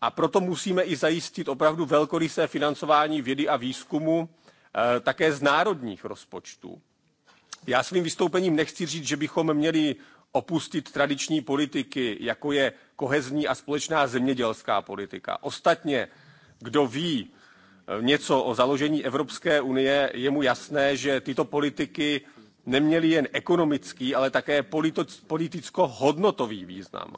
A proto musíme i zajistit opravdu velkorysé financování vědy a výzkumu e, také z národních rozpočtů. Já svým vystoupením nechci říct, že bychom měli opustit tradiční politiky, jako je kohezní a společná zemědělská politika. Ostatně, kdo ví eh, něco o založení Evropské unie, je mu jasné, že tyto politiky neměly jen ekonomický, ale také politicko-hodnotový význam.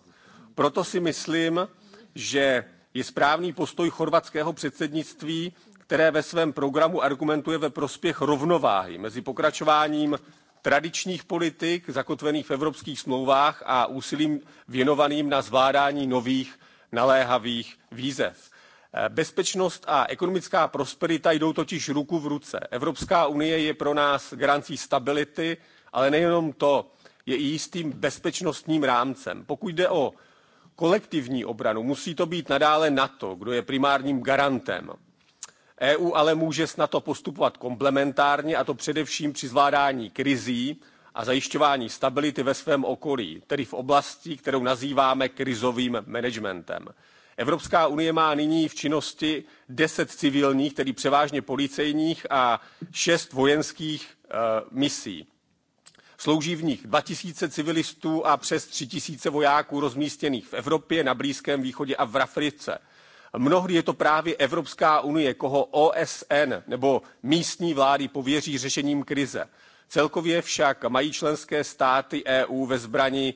Proto si myslím, že je správný postoj chorvatského předsednictví, které ve svém programu argumentuje ve prospěch rovnováhy mezi pokračováním tradičních politik zakotvených v evropských smlouvách a úsilím věnovaným na zvládání nových naléhavých výzev. Eh, bezpečnost a ekonomická prosperita jdou totiž ruku v ruce. Evropská unie je pro nás garancí stability, ale nejenom to, je i jistým bezpečnostním rámcem. Pokud jde o kolektivní obranu, musí to být nadále NATO, kdo je primárním garantem eu ale může s nato postupovat komplementárně a to především při zvládání krizí a zajišťování stability ve svém okolí tedy v oblasti kterou nazýváme krizovým managementem. evropská unie má nyní v činnosti deset civilních tedy převážně policejních a šest vojenských e, misí. Slouží v nich 2000 civilistů a přes 3000 vojáků rozmístěných v Evropě, na Blízkém východě a v Africe. Mnohdy je to právě Evropská unie, koho OSN nebo místní vlády pověří řešením krize. Celkově však mají členské státy EU ve zbrani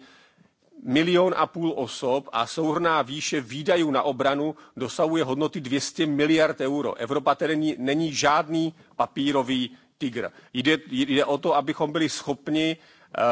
milion a půl osob a souhrná výše výdajů na obranu dosahuje hodnoty 200 miliard euro. Evropa tedy není, žádný papírový tygr. Jde, jde o to, abychom byli schopni uh,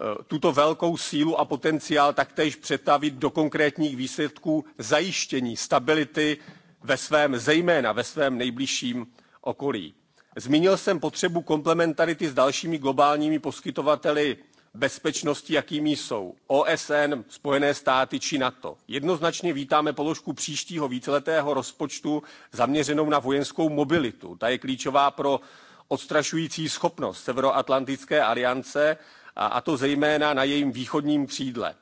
Eh, tuto velkou sílu a potenciál taktéž přetavit do konkrétních výsledků zajištění stability ve svém, zejména ve svém nejbližším okolí. Zmínil jsem potřebu komplementarity s dalšími globálními poskytovateli bezpečnosti, jakými jsou OSN, Spojené státy či NATO. Jednoznačně vítáme položku příštího víceletého rozpočtu zaměřenou na vojenskou mobilitu. Ta je klíčová pro odstrašující schopnost Severoatlantické aliance a, to zejména na jejím východním křídle.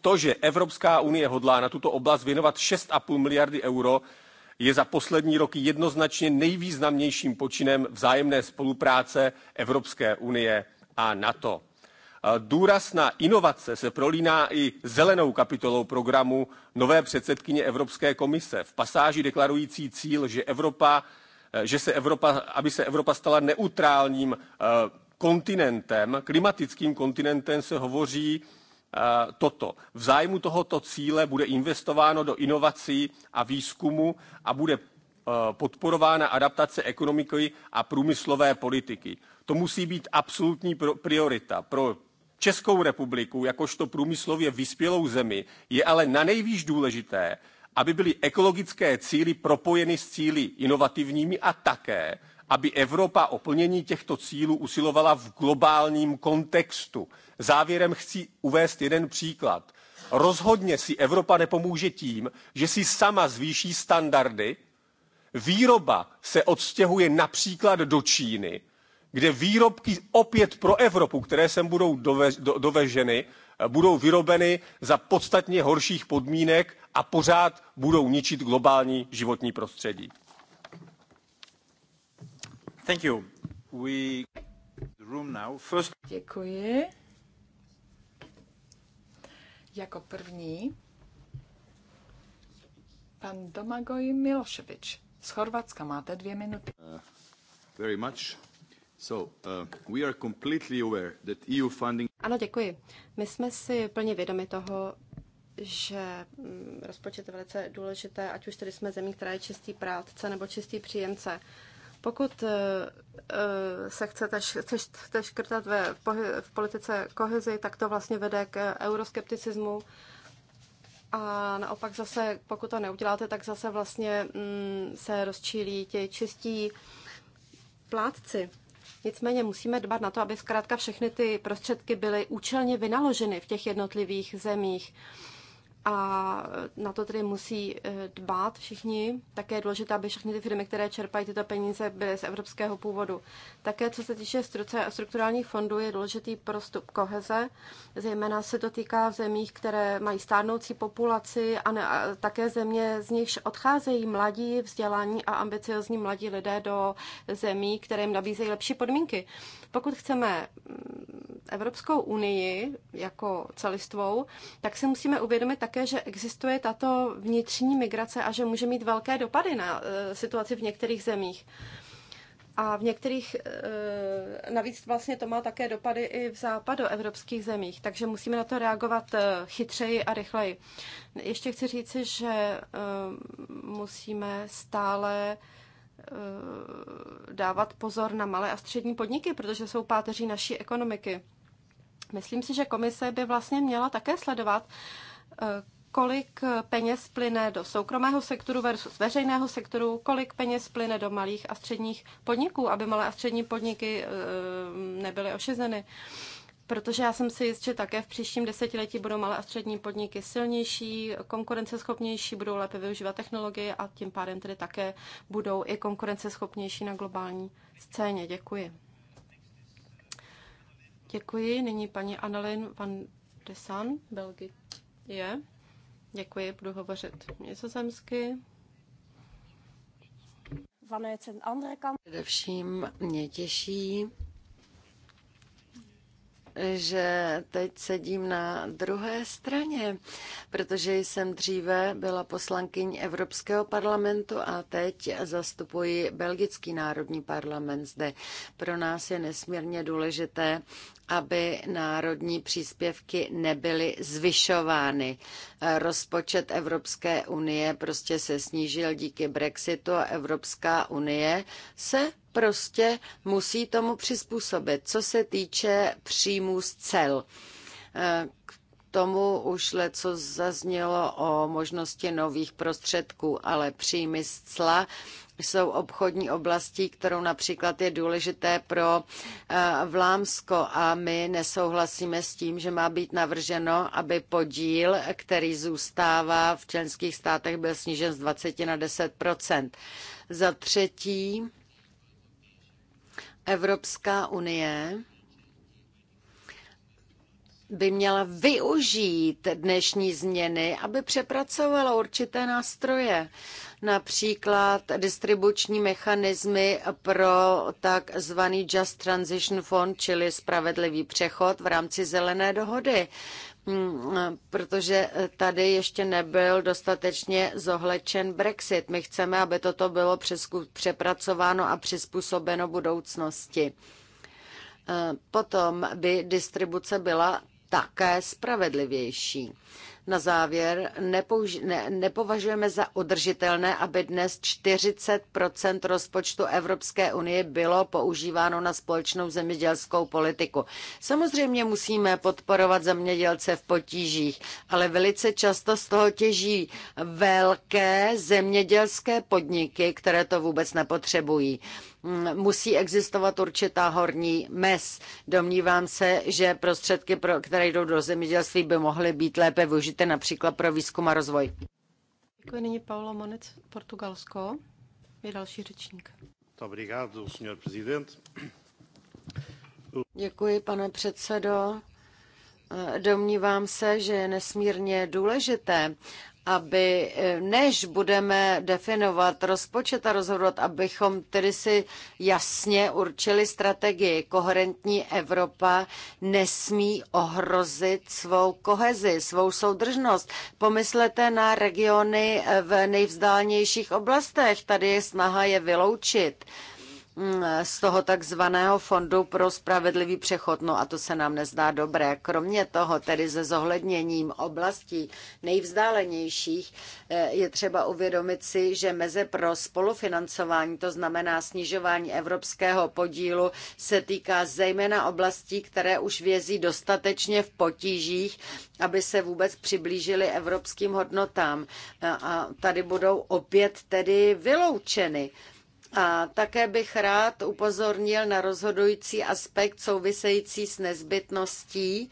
To, že Evropská unie hodlá na tuto oblast věnovat 6,5 miliardy euro, je za poslední roky jednoznačně nejvýznamnějším počinem vzájemné spolupráce Evropské unie a NATO. Důraz na inovace se prolíná i zelenou kapitolou programu nové předsedkyně Evropské komise v pasáži deklarující cíl, že, Evropa, že se Evropa, aby se Evropa stala neutrálním eh, kontinentem, klimatickým kontinentem se hovoří eh, toto. V zájmu tohoto cíle bude investováno do inovací a výzkumu a bude eh, podporována adaptace ekonomiky a průmyslové politiky. To musí být absolutní priorita pro Českou republiku, jakožto průmyslově vyspělou zemi, je ale na nejvýš důležité, aby byly ekologické cíly propojeny s cíly inovativními a také aby Evropa o plnění těchto cílů usilovala v globálním kontextu. Závěrem chci uvést jeden příklad. Rozhodně si Evropa nepomůže tím, že si sama zvýší standardy. Výroba se odstěhuje například do Číny, kde výrobky opět pro Evropu, které sem budou dovezeny, do, doveženy, budou vyrobeny za podstatně horších podmínek a pořád budou ničit globální životní prostředí. Thank you. We room now. First... Děkuji. Jako první pan Domagoj Miloševič z Chorvatska. Máte dvě minuty. Uh, very much. So, uh, we are completely aware that EU funding... Ano, děkuji. My jsme si plně vědomi toho, že mm, rozpočet je velice důležité, ať už tedy jsme zemí, která je čistý prátce nebo čistý příjemce. Pokud eh, eh, se chcete, chcete škrtat ve, v politice kohezi, tak to vlastně vede k eh, euroskepticismu. A naopak zase, pokud to neuděláte, tak zase vlastně mm, se rozčílí ti čistí plátci. Nicméně musíme dbat na to, aby zkrátka všechny ty prostředky byly účelně vynaloženy v těch jednotlivých zemích. Uh, a na to tedy musí eh, dbát všichni. Také je důležité, aby všechny ty firmy, které čerpají tyto peníze, byly z evropského původu. Také co se týče strukturálních fondů, je důležitý prostup koheze. Zejména se to týká v zemích, které mají stárnoucí populaci a, ne, a také země, z nichž odcházejí mladí, vzdělaní a ambiciozní mladí lidé do zemí, které jim nabízejí lepší podmínky. Pokud chceme mm, Evropskou unii jako celistvou, tak si musíme uvědomit také, že existuje tato vnitřní migrace a že může mít velké dopady na eh, situaci v některých zemích. A v některých, eh, navíc vlastně to má také dopady i v západoevropských zemích, takže musíme na to reagovat eh, chytřeji a rychleji. Ještě chci říci, že musíme stále dávat pozor na malé a střední podniky, protože jsou páteří naší ekonomiky. Myslím si, že komise by vlastně měla také sledovat, eh, kolik peněz plyne do soukromého sektoru versus veřejného sektoru, kolik peněz plyne do malých a středních podniků, aby malé a střední podniky eh, nebyly ošizeny. Protože já jsem si jist, že také v příštím desetiletí budou malé a střední podniky silnější, konkurenceschopnější, budou lépe využívat technologie a tím pádem tedy také budou i konkurenceschopnější na globální scéně. Děkuji. Děkuji. Nyní paní Annelin van de San, Belgie. Děkuji, budu hovořit nizozemsky. Především mě těší, že teď sedím na druhé straně, protože jsem dříve byla poslankyň Evropského parlamentu a teď zastupuji Belgický národní parlament zde. Pro nás je nesmírně důležité, aby národní příspěvky nebyly zvyšovány. Rozpočet Evropské unie prostě se snížil díky Brexitu a Evropská unie se prostě musí tomu přizpůsobit. Co se týče příjmů z cel, eh, k tomu už leco zaznělo o možnosti nových prostředků, ale příjmy z cla jsou obchodní oblastí, kterou například je důležité pro eh, Vlámsko a my nesouhlasíme s tím, že má být navrženo, aby podíl, který zůstává v členských státech, byl snížen z 20 na 10 Za třetí, Evropská unie by měla využít dnešní změny, aby přepracovala určité nástroje, například distribuční mechanismy pro takzvaný Just Transition Fund, čili spravedlivý přechod v rámci zelené dohody. Mm, eh, protože eh, tady ještě nebyl dostatečně zohlečen Brexit. My chceme, aby toto bylo přepracováno a přizpůsobeno budoucnosti. Eh, potom by distribuce byla také spravedlivější. Na závěr nepouž, ne, nepovažujeme za udržitelné, aby dnes 40 rozpočtu Evropské unie bylo používáno na společnou zemědělskou politiku. Samozřejmě musíme podporovat zemědělce v potížích, ale velice často z toho těží velké zemědělské podniky, které to vůbec nepotřebují. Mm, musí existovat určitá horní mez. Domnívám se, že prostředky, pro, které jdou do zemědělství, by mohly být lépe využity, například pro výzkum a rozvoj. Děkuji nyní Paulo Monec, Portugalsko. Je další řečník. Děkuji, pane předsedo. Domnívám se, že je nesmírně důležité, aby eh, než budeme definovat rozpočet a rozhodovat, abychom tedy si jasně určili strategii. Koherentní Evropa nesmí ohrozit svou kohezi, svou soudržnost. Pomyslete na regiony eh, v nejvzdálnějších oblastech. Tady je snaha je vyloučit. Mm, z toho takzvaného fondu pro spravedlivý přechod. No a to se nám nezdá dobré. Kromě toho, tedy ze zohledněním oblastí nejvzdálenějších, eh, je třeba uvědomit si, že meze pro spolufinancování, to znamená snižování evropského podílu, se týká zejména oblastí, které už vězí dostatečně v potížích, aby se vůbec přiblížili evropským hodnotám. Eh, a tady budou opět tedy vyloučeny. A také bych rád upozornil na rozhodující aspekt související s nezbytností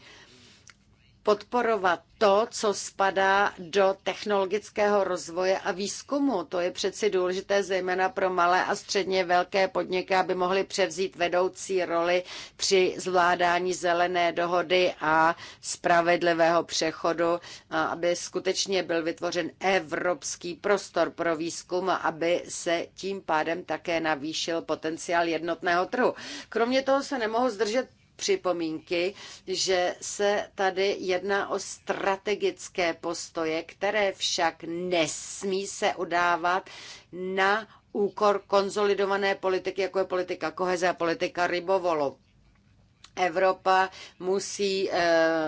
podporovat to, co spadá do technologického rozvoje a výzkumu. To je přeci důležité zejména pro malé a středně velké podniky, aby mohly převzít vedoucí roli při zvládání zelené dohody a spravedlivého přechodu, aby skutečně byl vytvořen evropský prostor pro výzkum a aby se tím pádem také navýšil potenciál jednotného trhu. Kromě toho se nemohu zdržet připomínky, že se tady jedná o strategické postoje, které však nesmí se udávat na úkor konzolidované politiky, jako je politika koheze a politika rybovolu. Evropa musí eh,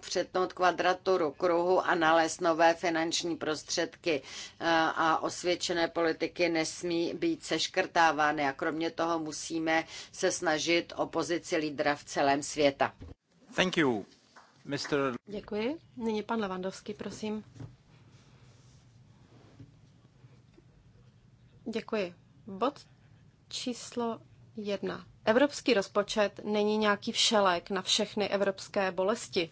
přetnout kvadraturu kruhu a nalézt nové finanční prostředky eh, a osvědčené politiky nesmí být seškrtávány a kromě toho musíme se snažit o pozici lídra v celém světa. Thank you, Mr. Děkuji. Nyní pan Levandovský, prosím. Děkuji. Bod číslo jedna. Evropský rozpočet není nějaký všelek na všechny evropské bolesti.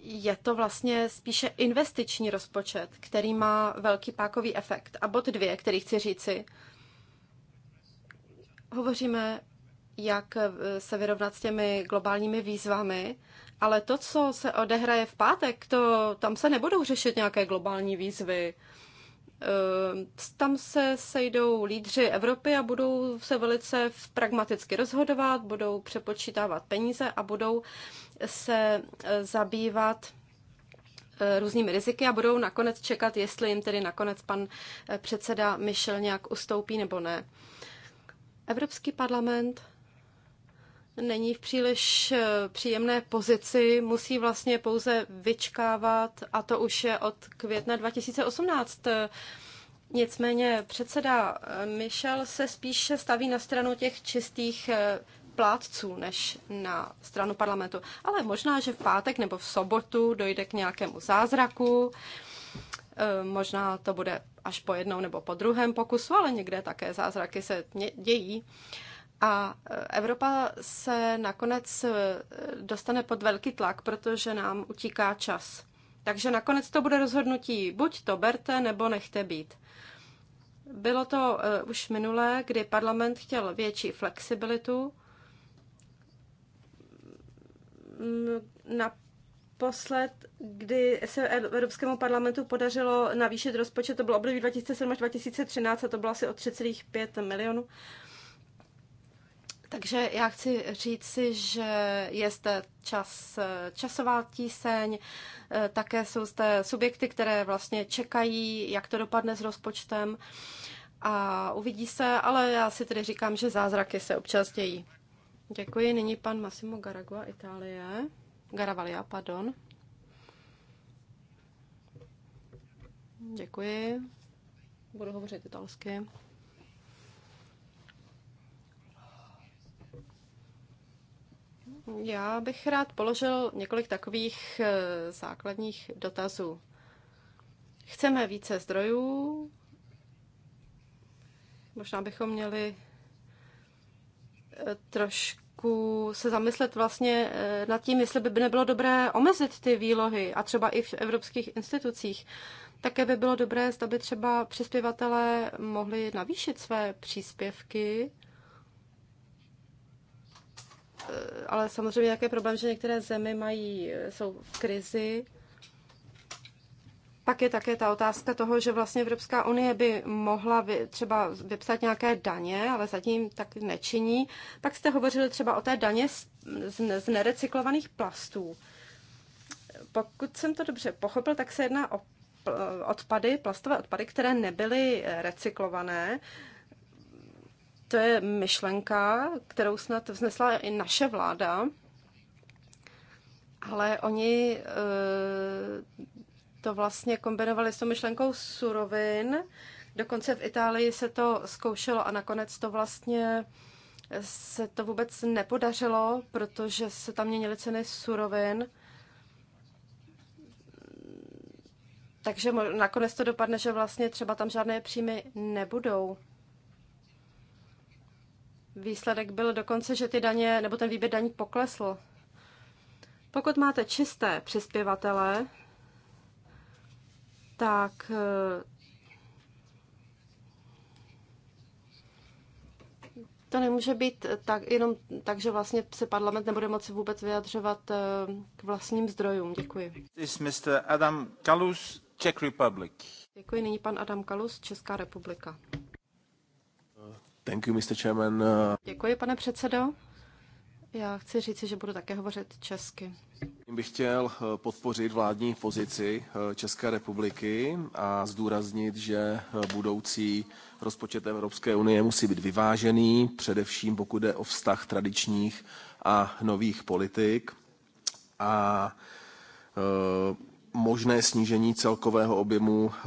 Je to vlastně spíše investiční rozpočet, který má velký pákový efekt. A bod dvě, který chci říci, hovoříme, jak se vyrovnat s těmi globálními výzvami, ale to, co se odehraje v pátek, to tam se nebudou řešit nějaké globální výzvy. Eh, tam se sejdou lídři Evropy a budou se velice pragmaticky rozhodovat, budou přepočítávat peníze a budou se eh, zabývat eh, různými riziky a budou nakonec čekat, jestli jim tedy nakonec pan předseda Michel nějak ustoupí nebo ne. Evropský parlament není v příliš eh, příjemné pozici, musí vlastně pouze vyčkávat a to už je od května 2018. Nicméně předseda eh, Michel se spíše staví na stranu těch čistých eh, plátců než na stranu parlamentu. Ale možná, že v pátek nebo v sobotu dojde k nějakému zázraku. Možná to bude až po jednou nebo po druhém pokusu, ale někde také zázraky se dějí. A e, Evropa se nakonec e, dostane pod velký tlak, protože nám utíká čas. Takže nakonec to bude rozhodnutí, buď to berte, nebo nechte být. Bylo to e, už minulé, kdy parlament chtěl větší flexibilitu. Naposled, kdy se Evropskému parlamentu podařilo navýšit rozpočet, to bylo období 2007 až 2013 a to bylo asi o 3,5 milionů. Takže já chci říct si, že je zde čas, časová tíseň, také jsou zde subjekty, které vlastně čekají, jak to dopadne s rozpočtem a uvidí se, ale já si tedy říkám, že zázraky se občas dějí. Děkuji. Nyní pan Massimo Garagua, Itálie. Garavalia, pardon. Děkuji. Budu hovořit italsky. Já bych rád položil několik takových eh, základních dotazů. Chceme více zdrojů, možná bychom měli eh, trošku se zamyslet vlastně eh, nad tím, jestli by nebylo dobré omezit ty výlohy a třeba i v evropských institucích. Také by bylo dobré, zda by třeba přispěvatelé mohli navýšit své příspěvky Eh, ale samozřejmě jaké problém, že některé zemi mají, eh, jsou v krizi. Pak je také ta otázka toho, že vlastně Evropská unie by mohla vy, třeba vypsat nějaké daně, ale zatím tak nečiní. Pak jste hovořili třeba o té daně z, z, z nerecyklovaných plastů. Pokud jsem to dobře pochopil, tak se jedná o odpady, plastové odpady, které nebyly eh, recyklované. To je myšlenka, kterou snad vznesla i naše vláda, ale oni eh, to vlastně kombinovali s tou myšlenkou surovin. Dokonce v Itálii se to zkoušelo a nakonec to vlastně eh, se to vůbec nepodařilo, protože se tam měnily ceny surovin. Takže nakonec to dopadne, že vlastně třeba tam žádné příjmy nebudou. Výsledek byl dokonce, že ty daně, nebo ten výběr daní poklesl. Pokud máte čisté přispěvatele, tak eh, to nemůže být tak, jenom tak, že vlastně se parlament nebude moci vůbec vyjadřovat eh, k vlastním zdrojům. Děkuji. This Mr. Adam Kalus, Czech Republic. Děkuji, nyní pan Adam Kalus, Česká republika. Thank you, Mr. Chairman. Uh, Děkuji, pane předsedo. Já chci říci, že budu také hovořit česky. Bych chtěl uh, podpořit vládní pozici uh, České republiky a zdůraznit, že budoucí rozpočet Evropské unie musí být vyvážený, především pokud jde o vztah tradičních a nových politik. A možné snížení celkového objemu eh,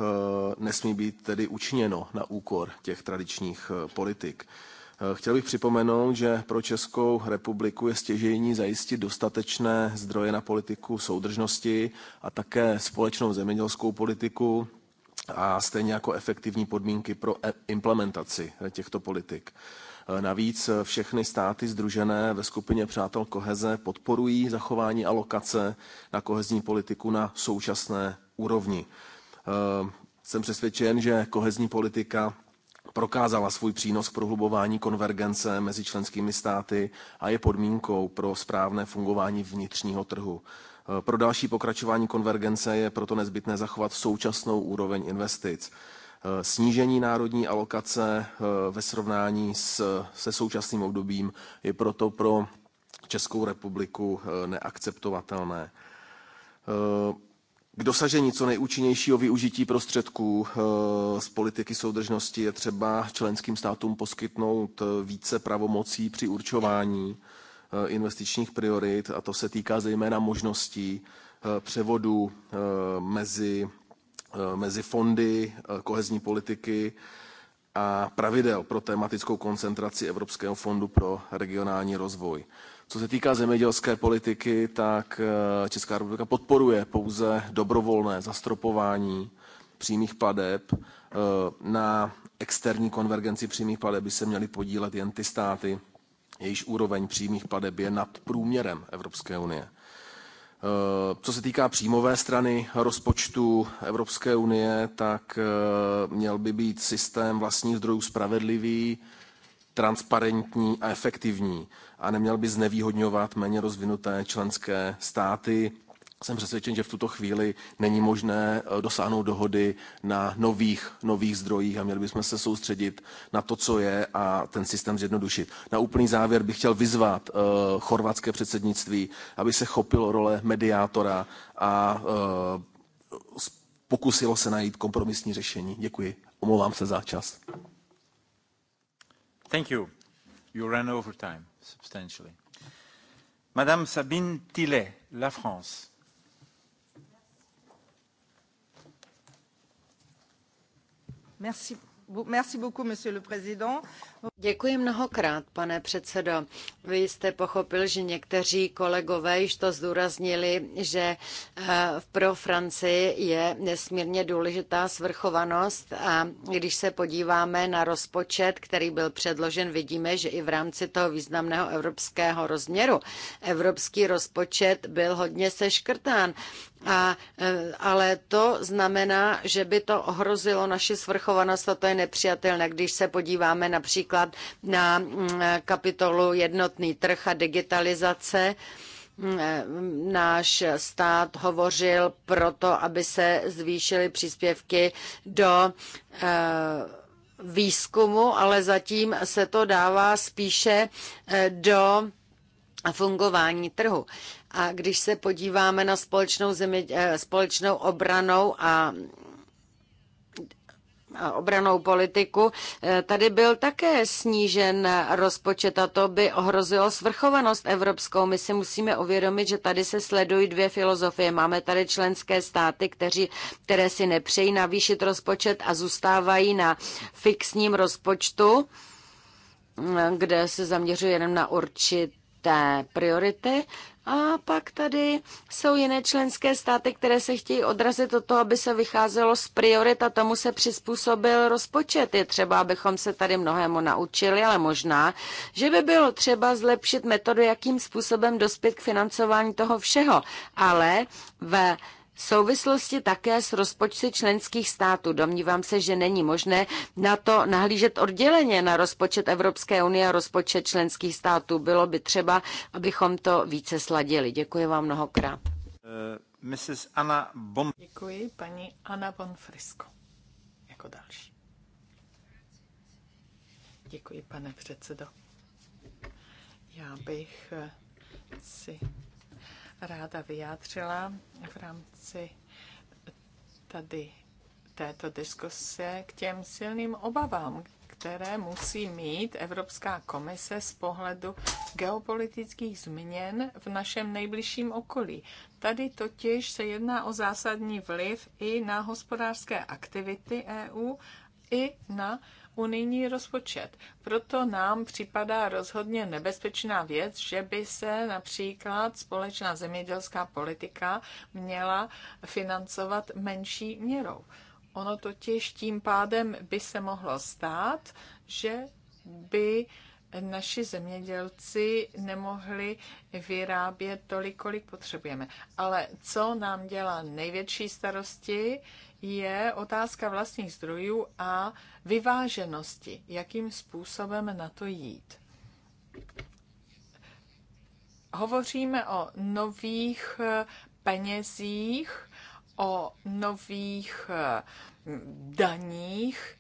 nesmí být tedy učiněno na úkor těch tradičních eh, politik. Eh, chtěl bych připomenout, že pro Českou republiku je stěžení zajistit dostatečné zdroje na politiku soudržnosti a také společnou zemědělskou politiku a stejně jako efektivní podmínky pro e- implementaci těchto politik. Eh, navíc eh, všechny státy združené ve skupině Přátel koheze podporují zachování alokace na kohezní politiku na současné úrovni. Eh, jsem přesvědčen, že kohezní politika prokázala svůj přínos k prohlubování konvergence mezi členskými státy a je podmínkou pro správné fungování vnitřního trhu. Pro další pokračování konvergence je proto nezbytné zachovat současnou úroveň investic. Eh, snížení národní alokace eh, ve srovnání s, se současným obdobím je proto pro Českou republiku eh, neakceptovatelné. K dosažení co nejúčinnějšího využití prostředků z politiky soudržnosti je třeba členským státům poskytnout více pravomocí při určování investičních priorit a to se týká zejména možností převodu mezi Eh, mezi fondy eh, kohezní politiky a pravidel pro tematickou koncentraci Evropského fondu pro regionální rozvoj. Co se týká zemědělské politiky, tak eh, Česká republika podporuje pouze dobrovolné zastropování přímých pladeb. Na externí konvergenci přímých pladeb by se měly podílet jen ty státy, jejíž úroveň přímých pladeb je nad průměrem Evropské unie. Eh, co se týká příjmové strany rozpočtu Evropské unie, tak eh, měl by být systém vlastních zdrojů spravedlivý, transparentní a efektivní a neměl by znevýhodňovat méně rozvinuté členské státy jsem přesvědčen, že v tuto chvíli není možné eh, dosáhnout dohody na nových, nových zdrojích a měli bychom se soustředit na to, co je a ten systém zjednodušit. Na úplný závěr bych chtěl vyzvat eh, chorvatské předsednictví, aby se chopilo role mediátora a eh, pokusilo se najít kompromisní řešení. Děkuji. Omlouvám se za čas. Thank you. You ran over time substantially. Madame Sabine Tillet, La France. Merci, merci beaucoup, Monsieur le Président. Děkuji mnohokrát, pane předsedo. Vy jste pochopil, že někteří kolegové již to zdůraznili, že eh, pro Francii je nesmírně důležitá svrchovanost a když se podíváme na rozpočet, který byl předložen, vidíme, že i v rámci toho významného evropského rozměru evropský rozpočet byl hodně seškrtán. A, eh, ale to znamená, že by to ohrozilo naši svrchovanost a to je nepřijatelné. Když se podíváme například například na mm, kapitolu jednotný trh a digitalizace mm, náš stát hovořil proto, aby se zvýšily příspěvky do eh, výzkumu, ale zatím se to dává spíše eh, do fungování trhu. A když se podíváme na společnou, zemi, eh, společnou obranou a obranou politiku, eh, tady byl také snížen rozpočet a to by ohrozilo svrchovanost evropskou. My si musíme uvědomit, že tady se sledují dvě filozofie. Máme tady členské státy, kteří, které si nepřejí navýšit rozpočet a zůstávají na fixním rozpočtu, eh, kde se zaměřuje jenom na určité té priority a pak tady jsou jiné členské státy, které se chtějí odrazit od toho, aby se vycházelo z priorit a tomu se přizpůsobil rozpočet. Je třeba, abychom se tady mnohému naučili, ale možná, že by bylo třeba zlepšit metodu, jakým způsobem dospět k financování toho všeho. Ale ve v souvislosti také s rozpočty členských států. Domnívám se, že není možné na to nahlížet odděleně na rozpočet Evropské unie a rozpočet členských států. Bylo by třeba, abychom to více sladili. Děkuji vám mnohokrát. Uh, Anna bon... Děkuji, paní Anna Bonfrisco. Jako další. Děkuji, pane předsedo. Já bych eh, si ráda vyjádřila v rámci tady této diskuse k těm silným obavám, které musí mít Evropská komise z pohledu geopolitických změn v našem nejbližším okolí. Tady totiž se jedná o zásadní vliv i na hospodářské aktivity EU i na unijní rozpočet. Proto nám připadá rozhodně nebezpečná věc, že by se například společná zemědělská politika měla financovat menší měrou. Ono totiž tím pádem by se mohlo stát, že by naši zemědělci nemohli vyrábět tolik, kolik potřebujeme. Ale co nám dělá největší starosti, je otázka vlastních zdrojů a vyváženosti, jakým způsobem na to jít. Hovoříme o nových eh, penězích, o nových eh, daních.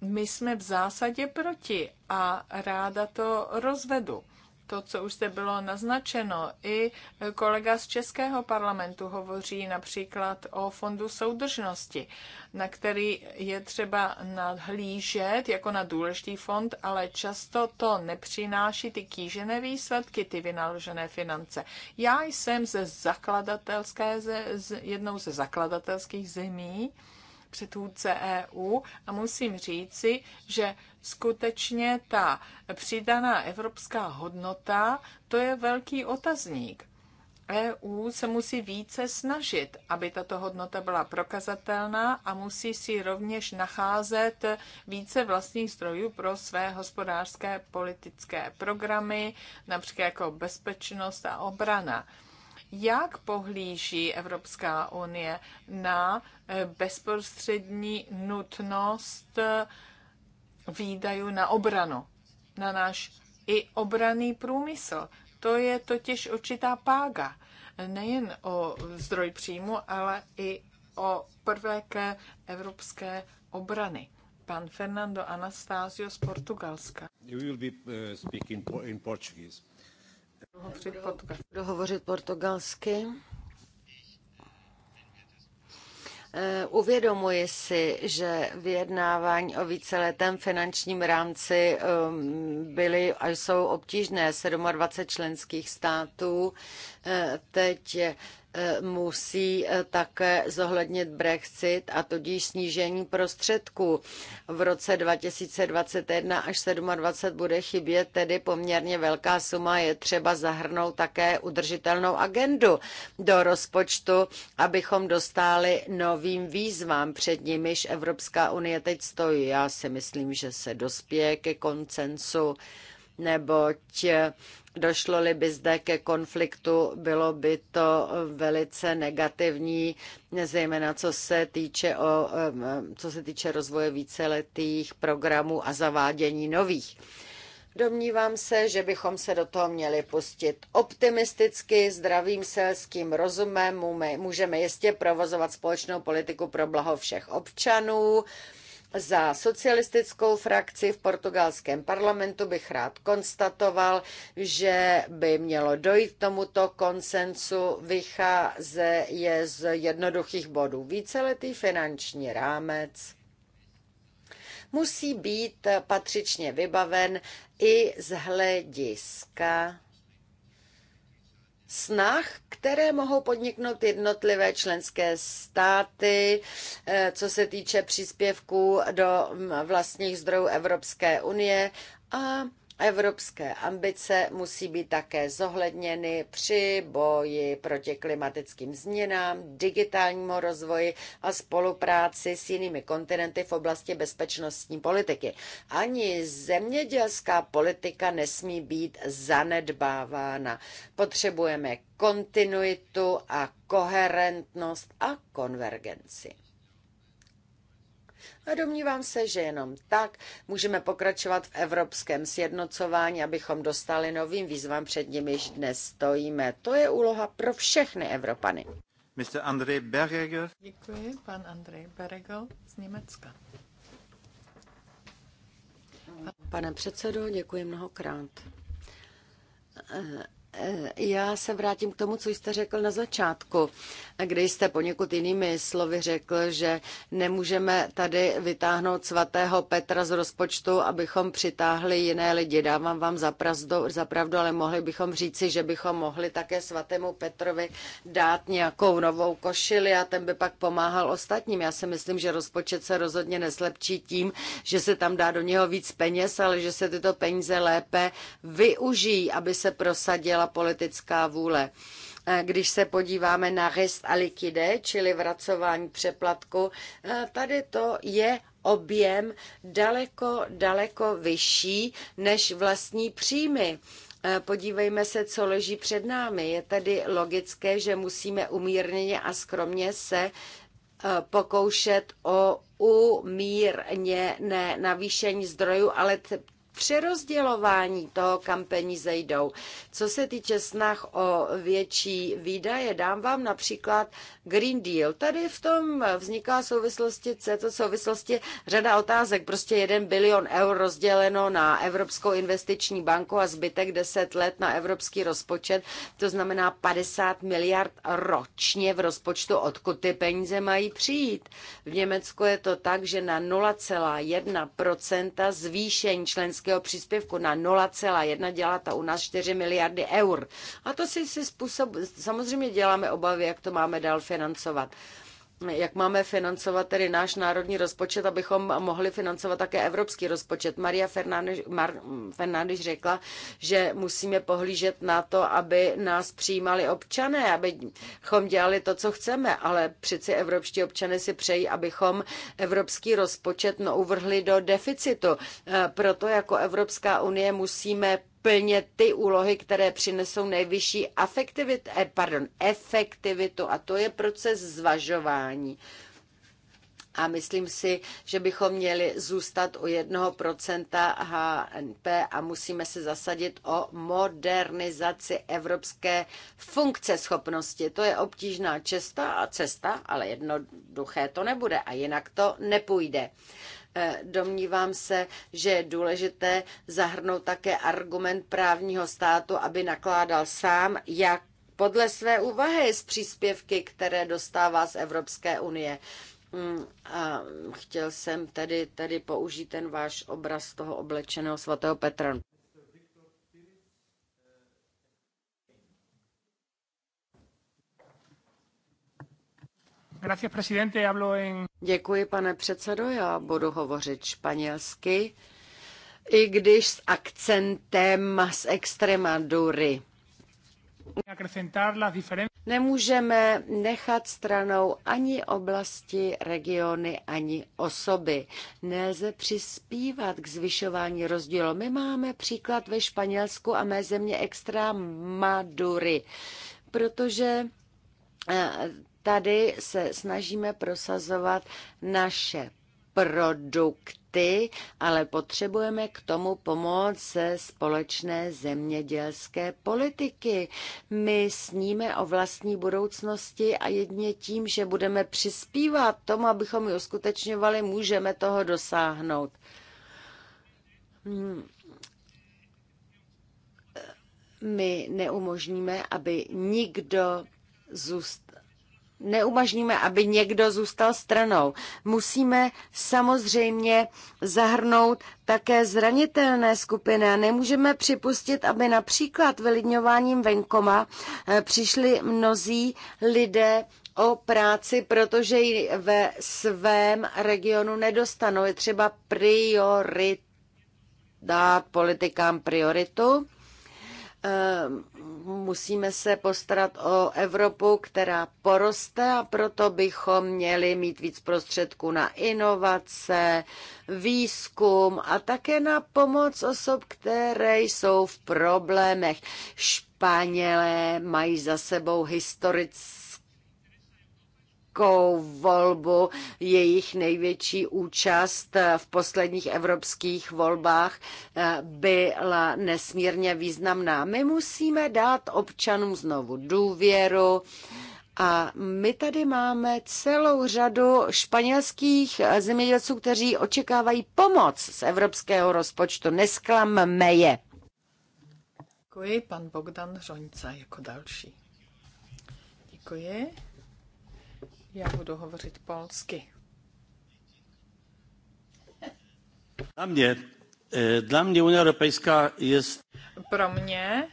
My jsme v zásadě proti a ráda to rozvedu to, co už zde bylo naznačeno. I kolega z Českého parlamentu hovoří například o fondu soudržnosti, na který je třeba nadhlížet jako na důležitý fond, ale často to nepřináší ty kýžené výsledky, ty vynaložené finance. Já jsem ze zakladatelské, ze, z jednou ze zakladatelských zemí, předchůdce EU a musím říci, že skutečně ta přidaná evropská hodnota, to je velký otazník. EU se musí více snažit, aby tato hodnota byla prokazatelná a musí si rovněž nacházet více vlastních zdrojů pro své hospodářské politické programy, například jako bezpečnost a obrana. Jak pohlíží Evropská unie na eh, bezprostřední nutnost eh, výdajů na obranu, na náš i obraný průmysl? To je totiž určitá pága. Nejen o zdroj příjmu, ale i o prvek evropské obrany. Pan Fernando Anastasio z Portugalska. You will be eh, speaking in Portuguese. Budu hovořit portugalsky. Eh, uvědomuji si, že vyjednávání o víceletém finančním rámci ehm, byly a jsou obtížné 27 členských států. Eh, teď musí eh, také zohlednit Brexit a tudíž snížení prostředků. V roce 2021 až 2027 bude chybět tedy poměrně velká suma. Je třeba zahrnout také udržitelnou agendu do rozpočtu, abychom dostali novým výzvám, před nimiž Evropská unie teď stojí. Já si myslím, že se dospěje ke koncensu neboť eh, Došlo-li by zde ke konfliktu, bylo by to velice negativní, zejména co se týče, o, co se týče rozvoje víceletých programů a zavádění nových. Domnívám se, že bychom se do toho měli pustit optimisticky, zdravým selským rozumem. Můžeme jistě provozovat společnou politiku pro blaho všech občanů. Za socialistickou frakci v portugalském parlamentu bych rád konstatoval, že by mělo dojít k tomuto konsensu je z jednoduchých bodů. Víceletý finanční rámec musí být patřičně vybaven i z hlediska snah, které mohou podniknout jednotlivé členské státy, eh, co se týče příspěvků do mm, vlastních zdrojů Evropské unie a Evropské ambice musí být také zohledněny při boji proti klimatickým změnám, digitálnímu rozvoji a spolupráci s jinými kontinenty v oblasti bezpečnostní politiky. Ani zemědělská politika nesmí být zanedbávána. Potřebujeme kontinuitu a koherentnost a konvergenci. A domnívám se, že jenom tak můžeme pokračovat v evropském sjednocování, abychom dostali novým výzvám, před nimiž dnes stojíme. To je úloha pro všechny Evropany. Mr. Andrej Berger. Děkuji, pan Andrej Berger z Německa. Pane předsedo, děkuji mnohokrát. Eh, já se vrátím k tomu, co jste řekl na začátku, kdy jste poněkud jinými slovy řekl, že nemůžeme tady vytáhnout svatého Petra z rozpočtu, abychom přitáhli jiné lidi. Dávám vám za, za pravdu, ale mohli bychom říci, že bychom mohli také svatému Petrovi dát nějakou novou košili a ten by pak pomáhal ostatním. Já si myslím, že rozpočet se rozhodně neslepčí tím, že se tam dá do něho víc peněz, ale že se tyto peníze lépe využijí, aby se prosadila politická vůle. E, když se podíváme na rest a likide, čili vracování přeplatku, e, tady to je objem daleko, daleko vyšší než vlastní příjmy. E, podívejme se, co leží před námi. Je tedy logické, že musíme umírněně a skromně se pokoušet o umírněné navýšení zdrojů, ale přerozdělování toho, kam peníze jdou. Co se týče snah o větší výdaje, dám vám například Green Deal. Tady v tom vzniká souvislosti, Co to souvislosti řada otázek. Prostě jeden bilion eur rozděleno na Evropskou investiční banku a zbytek 10 let na evropský rozpočet, to znamená 50 miliard ročně v rozpočtu, odkud ty peníze mají přijít. V Německu je to tak, že na 0,1% zvýšení členských evropského příspěvku na 0,1 dělá ta u nás 4 miliardy eur. A to si, si způsob, samozřejmě děláme obavy, jak to máme dál financovat jak máme financovat tedy náš národní rozpočet, abychom mohli financovat také evropský rozpočet. Maria Fernández řekla, že musíme pohlížet na to, aby nás přijímali občané, abychom dělali to, co chceme, ale přeci evropští občané si přejí, abychom evropský rozpočet no uvrhli do deficitu. E, proto jako Evropská unie musíme plně ty úlohy, které přinesou nejvyšší efektivit, eh, pardon, efektivitu. A to je proces zvažování. A myslím si, že bychom měli zůstat u 1% HNP a musíme se zasadit o modernizaci evropské funkce schopnosti. To je obtížná cesta a cesta, ale jednoduché to nebude a jinak to nepůjde. Eh, domnívám se, že je důležité zahrnout také argument právního státu, aby nakládal sám, jak podle své úvahy z příspěvky, které dostává z Evropské unie. Mm, a chtěl jsem tedy, tedy použít ten váš obraz toho oblečeného svatého Petra. Gracias, presidente. Hablo en... Děkuji, pane předsedo. Já budu hovořit španělsky, i když s akcentem z Extremadury. Nemůžeme nechat stranou ani oblasti, regiony, ani osoby. Nelze přispívat k zvyšování rozdílu. My máme příklad ve Španělsku a mé země extra Madury, protože eh, Tady se snažíme prosazovat naše produkty, ale potřebujeme k tomu pomoc ze společné zemědělské politiky. My sníme o vlastní budoucnosti a jedně tím, že budeme přispívat tomu, abychom ji uskutečňovali, můžeme toho dosáhnout. Hmm my neumožníme, aby nikdo zůst, neumožníme, aby někdo zůstal stranou. Musíme samozřejmě zahrnout také zranitelné skupiny a nemůžeme připustit, aby například vylidňováním venkoma eh, přišli mnozí lidé o práci, protože ji ve svém regionu nedostanou. Je třeba priorit dát politikám prioritu ehm, musíme se postarat o Evropu, která poroste a proto bychom měli mít víc prostředků na inovace, výzkum a také na pomoc osob, které jsou v problémech. Španělé mají za sebou historické velkou volbu, jejich největší účast v posledních evropských volbách eh, byla nesmírně významná. My musíme dát občanům znovu důvěru, a my tady máme celou řadu španělských eh, zemědělců, kteří očekávají pomoc z evropského rozpočtu. Nesklamme je. Děkuji, pan Bogdan Žoňca jako další. Děkuji. Já budu hovořit polsky. Dla mě, eh, dla mě Unie Europejská je... Pro mě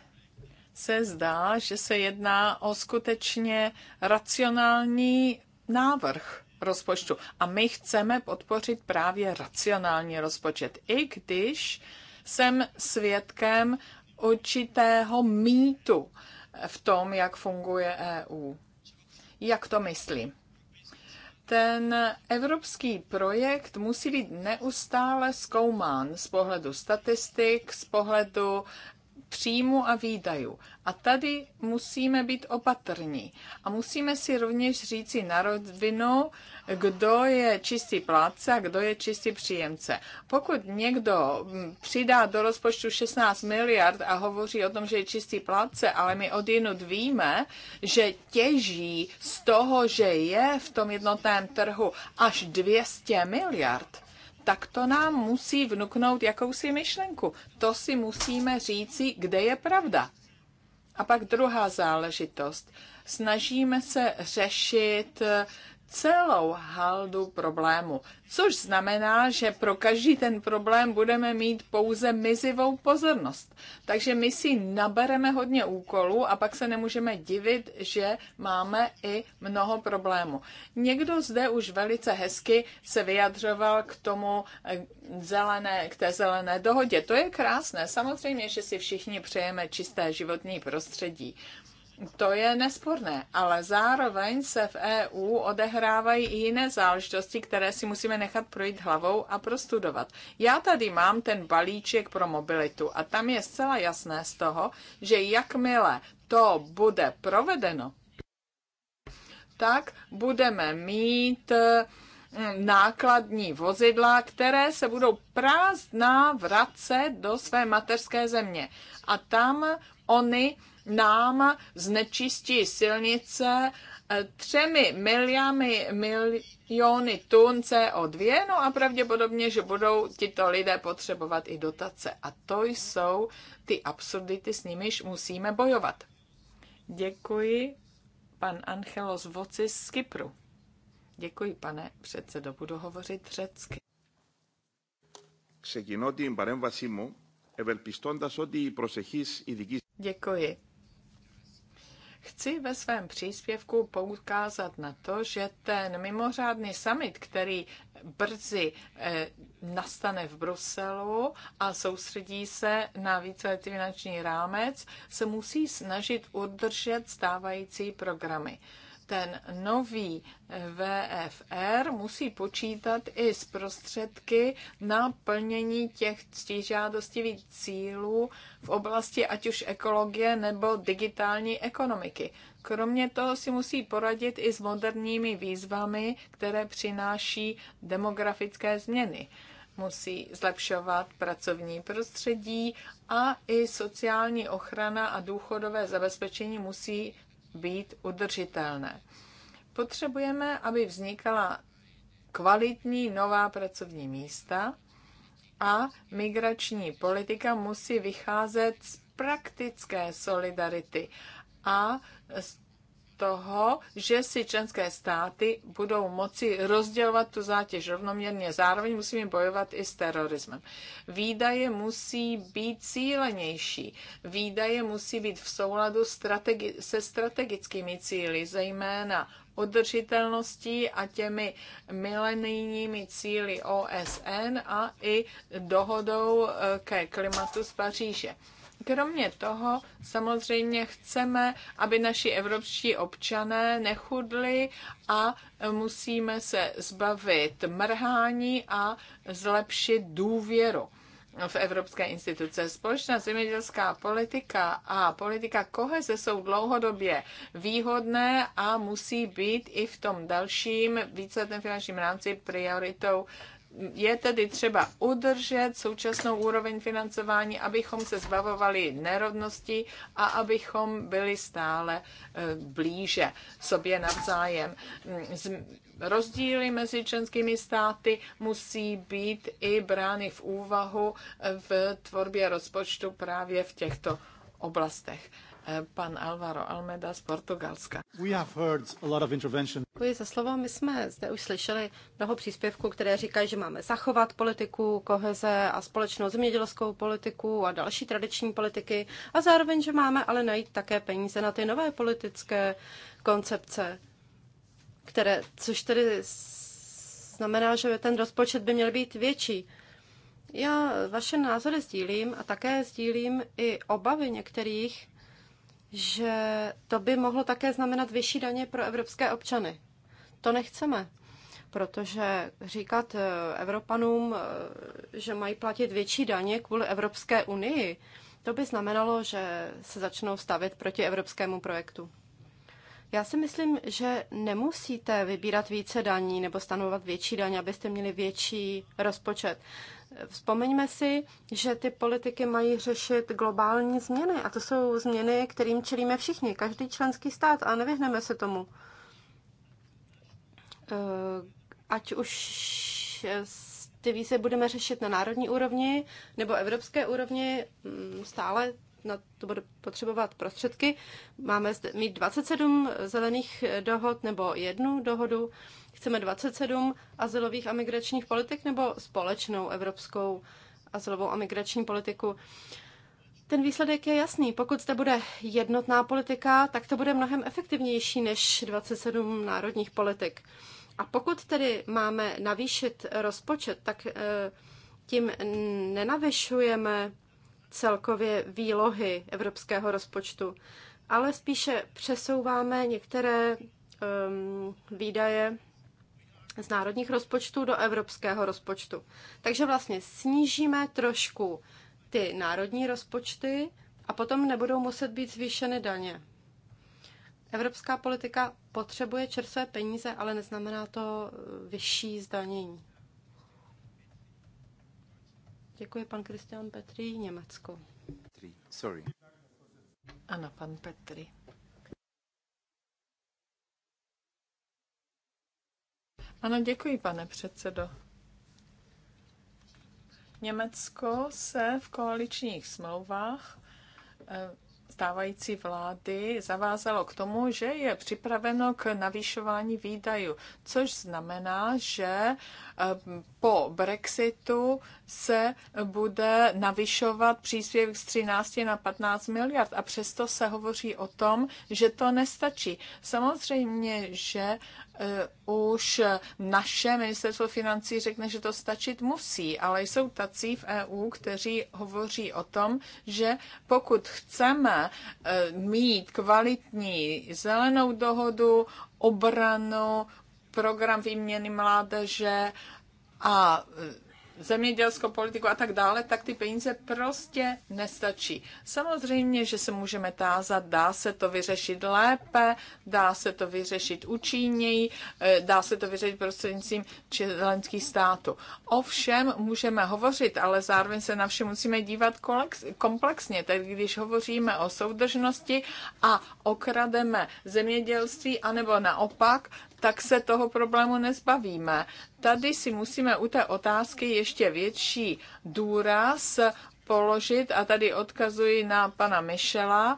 se zdá, že se jedná o skutečně racionální návrh rozpočtu. A my chceme podpořit právě racionální rozpočet, i když jsem svědkem určitého mýtu v tom, jak funguje EU. Jak to myslím? ten evropský projekt musí být neustále zkoumán z pohledu statistik, z pohledu příjmu a výdajů. A tady musíme být opatrní. A musíme si rovněž říci na rovinu, kdo je čistý plátce a kdo je čistý příjemce. Pokud někdo mm, přidá do rozpočtu 16 miliard a hovoří o tom, že je čistý plátce, ale my od jinut víme, že těží z toho, že je v tom jednotném trhu až 200 miliard, tak to nám musí vnuknout jakousi myšlenku. To si musíme říci, kde je pravda. A pak druhá záležitost. Snažíme se řešit celou haldu problémů. Což znamená, že pro každý ten problém budeme mít pouze mizivou pozornost. Takže my si nabereme hodně úkolů a pak se nemůžeme divit, že máme i mnoho problémů. Někdo zde už velice hezky se vyjadřoval k tomu eh, zelené, k té zelené dohodě. To je krásné. Samozřejmě, že si všichni přejeme čisté životní prostředí. To je nesporné, ale zároveň se v EU odehrávají i jiné záležitosti, které si musíme nechat projít hlavou a prostudovat. Já tady mám ten balíček pro mobilitu a tam je zcela jasné z toho, že jakmile to bude provedeno, tak budeme mít mm, nákladní vozidla, které se budou prázdná vracet do své mateřské země. A tam oni nám znečistí silnice eh, třemi miliami, miliony tun CO2, no a pravděpodobně, že budou tito lidé potřebovat i dotace. A to jsou ty absurdity, s nimiž musíme bojovat. Děkuji, pan Angelos Voci z Kypru. Děkuji, pane předsedo, budu hovořit řecky. Ξεκινώ Děkuji. Chci ve svém příspěvku poukázat na to, že ten mimořádný summit, který brzy eh, nastane v Bruselu a soustředí se na víceletý finanční rámec, se musí snažit udržet stávající programy ten nový eh, VFR musí počítat i s prostředky na plnění těch žádostivých cílů v oblasti ať už ekologie nebo digitální ekonomiky. Kromě toho si musí poradit i s moderními výzvami, které přináší demografické změny musí zlepšovat pracovní prostředí a i sociální ochrana a důchodové zabezpečení musí být udržitelné. Potřebujeme, aby vznikala kvalitní nová pracovní místa a migrační politika musí vycházet z praktické solidarity a z toho, že si členské státy budou moci rozdělovat tu zátěž rovnoměrně. Zároveň musíme bojovat i s terorismem. Výdaje musí být cílenější. Výdaje musí být v souladu strategi- se strategickými cíly, zejména udržitelností a těmi milenijními cíly OSN a i dohodou eh, ke klimatu z Paříže. Kromě toho samozřejmě chceme, aby naši evropští občané nechudli a musíme se zbavit mrhání a zlepšit důvěru v evropské instituce. Společná zemědělská politika a politika koheze jsou dlouhodobě výhodné a musí být i v tom dalším víceletém finančním rámci prioritou je tedy třeba udržet současnou úroveň financování, abychom se zbavovali nerovnosti a abychom byli stále eh, blíže sobě navzájem. Mm, rozdíly mezi členskými státy musí být i brány v úvahu v tvorbě rozpočtu právě v těchto oblastech pan Alvaro Almeda z Portugalska. We have heard a lot of intervention. Děkuji za slovo. My jsme zde už slyšeli mnoho příspěvků, které říkají, že máme zachovat politiku koheze a společnou zemědělskou politiku a další tradiční politiky a zároveň, že máme ale najít také peníze na ty nové politické koncepce, které, což tedy znamená, že ten rozpočet by měl být větší. Já vaše názory sdílím a také sdílím i obavy některých že to by mohlo také znamenat vyšší daně pro evropské občany. To nechceme, protože říkat eh, Evropanům, eh, že mají platit větší daně kvůli Evropské unii, to by znamenalo, že se začnou stavět proti evropskému projektu. Já si myslím, že nemusíte vybírat více daní nebo stanovat větší daň, abyste měli větší rozpočet. Vzpomeňme si, že ty politiky mají řešit globální změny a to jsou změny, kterým čelíme všichni, každý členský stát a nevyhneme se tomu. Eh, ať už ty výzvy budeme řešit na národní úrovni nebo evropské úrovni, mm, stále na to bude potřebovat prostředky. Máme mít 27 zelených dohod nebo jednu dohodu. Chceme 27 azylových a migračních politik nebo společnou evropskou azylovou a migrační politiku? Ten výsledek je jasný. Pokud zde bude jednotná politika, tak to bude mnohem efektivnější než 27 národních politik. A pokud tedy máme navýšit rozpočet, tak eh, tím nenavyšujeme celkově výlohy evropského rozpočtu, ale spíše přesouváme některé um, výdaje z národních rozpočtů do evropského rozpočtu. Takže vlastně snížíme trošku ty národní rozpočty a potom nebudou muset být zvýšeny daně. Evropská politika potřebuje čerstvé peníze, ale neznamená to vyšší zdanění. Děkuji, pan Kristian Petrý, Německo. Sorry. Ano, pan Petri. Ano, děkuji, pane předsedo. Německo se v koaličních smlouvách eh, stávající vlády zavázalo k tomu, že je připraveno k navýšování výdajů, což znamená, že eh, po Brexitu se bude navyšovat příspěvek z 13 na 15 miliard a přesto se hovoří o tom, že to nestačí. Samozřejmě, že Eh, už naše ministerstvo financí řekne, že to stačit musí, ale jsou tací v EU, kteří hovoří o tom, že pokud chceme eh, mít kvalitní zelenou dohodu, obranu, program výměny mládeže a eh, zemědělskou politiku a tak dále, tak ty peníze prostě nestačí. Samozřejmě, že se můžeme tázat, dá se to vyřešit lépe, dá se to vyřešit účinněji, eh, dá se to vyřešit prostřednictvím členských států. Ovšem můžeme hovořit, ale zároveň se na vše musíme dívat komplexně. Tedy když hovoříme o soudržnosti a okrademe zemědělství, anebo naopak, tak se toho problému nezbavíme. Tady si musíme u té otázky ještě větší důraz položit, a tady odkazuji na pana Michela,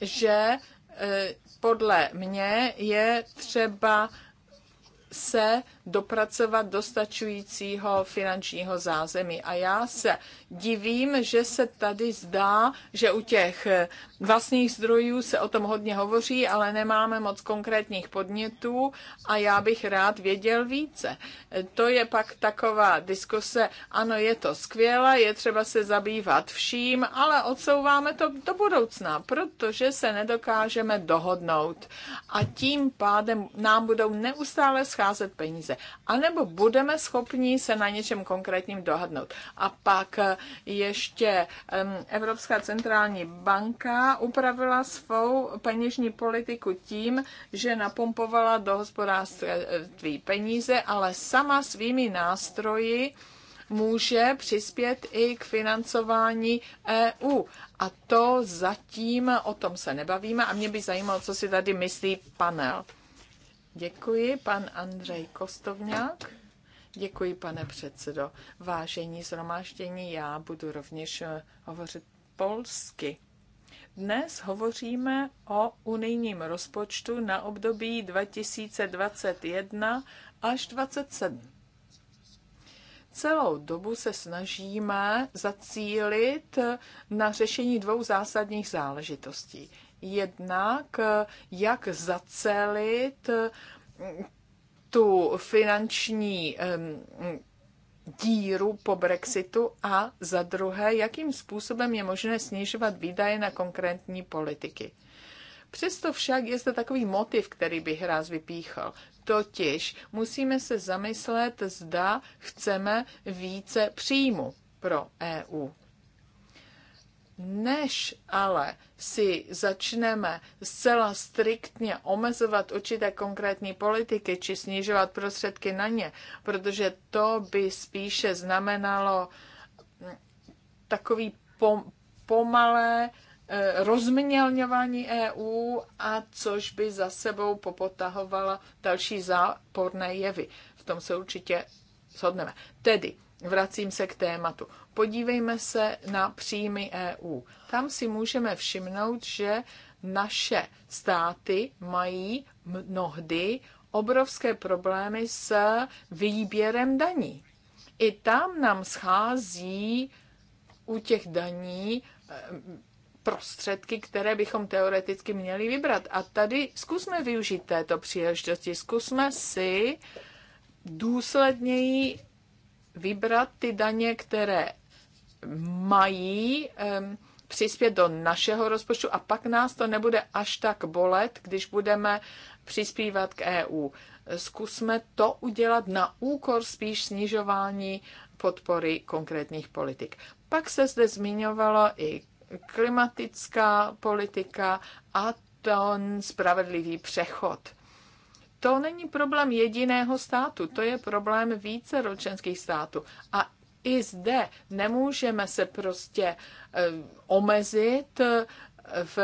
že eh, podle mě je třeba se dopracovat dostačujícího finančního zázemí. A já se divím, že se tady zdá, že u těch vlastních zdrojů se o tom hodně hovoří, ale nemáme moc konkrétních podnětů a já bych rád věděl více. To je pak taková diskuse, ano, je to skvělé, je třeba se zabývat vším, ale odsouváme to do budoucna, protože se nedokážeme dohodnout. A tím pádem nám budou neustále schopni scházet peníze. A nebo budeme schopni se na něčem konkrétním dohodnout. A pak eh, ještě Evropská centrální banka upravila svou peněžní politiku tím, že napumpovala do hospodářství peníze, ale sama svými nástroji může přispět i k financování EU. A to zatím o tom se nebavíme a mě by zajímalo, co si tady myslí panel. Děkuji, pan Andrej Kostovňák. Děkuji, pane předsedo. Vážení zhromáždění, já budu rovněž eh, hovořit polsky. Dnes hovoříme o unijním rozpočtu na období 2021 až 2027. Celou dobu se snažíme zacílit na řešení dvou zásadních záležitostí jednak jak zacelit mm, tu finanční díru po Brexitu a za druhé, jakým způsobem je možné snižovat výdaje na konkrétní politiky. Přesto však je zde takový motiv, který bych rád vypíchl. Totiž musíme se zamyslet, zda chceme více příjmu pro EU. Než ale si začneme zcela striktně omezovat určité konkrétní politiky či snižovat prostředky na ně, protože to by spíše znamenalo mm, takový pomalé e, rozmělňování EU a což by za sebou popotahovala další záporné jevy. V tom se určitě shodneme. Tedy vracím se k tématu. Podívejme se na příjmy EU. Tam si můžeme všimnout, že naše státy mají mnohdy obrovské problémy s výběrem daní. I tam nám schází u těch daní eh, prostředky, které bychom teoreticky měli vybrat. A tady zkusme využít této příležitosti, zkusme si důsledněji vybrat ty daně, které mají um, přispět do našeho rozpočtu a pak nás to nebude až tak bolet, když budeme přispívat k EU. Zkusme to udělat na úkor spíš snižování podpory konkrétních politik. Pak se zde zmiňovalo i klimatická politika a ten spravedlivý přechod to není problém jediného státu, to je problém více ročenských států. A i zde nemůžeme se prostě e, omezit e, v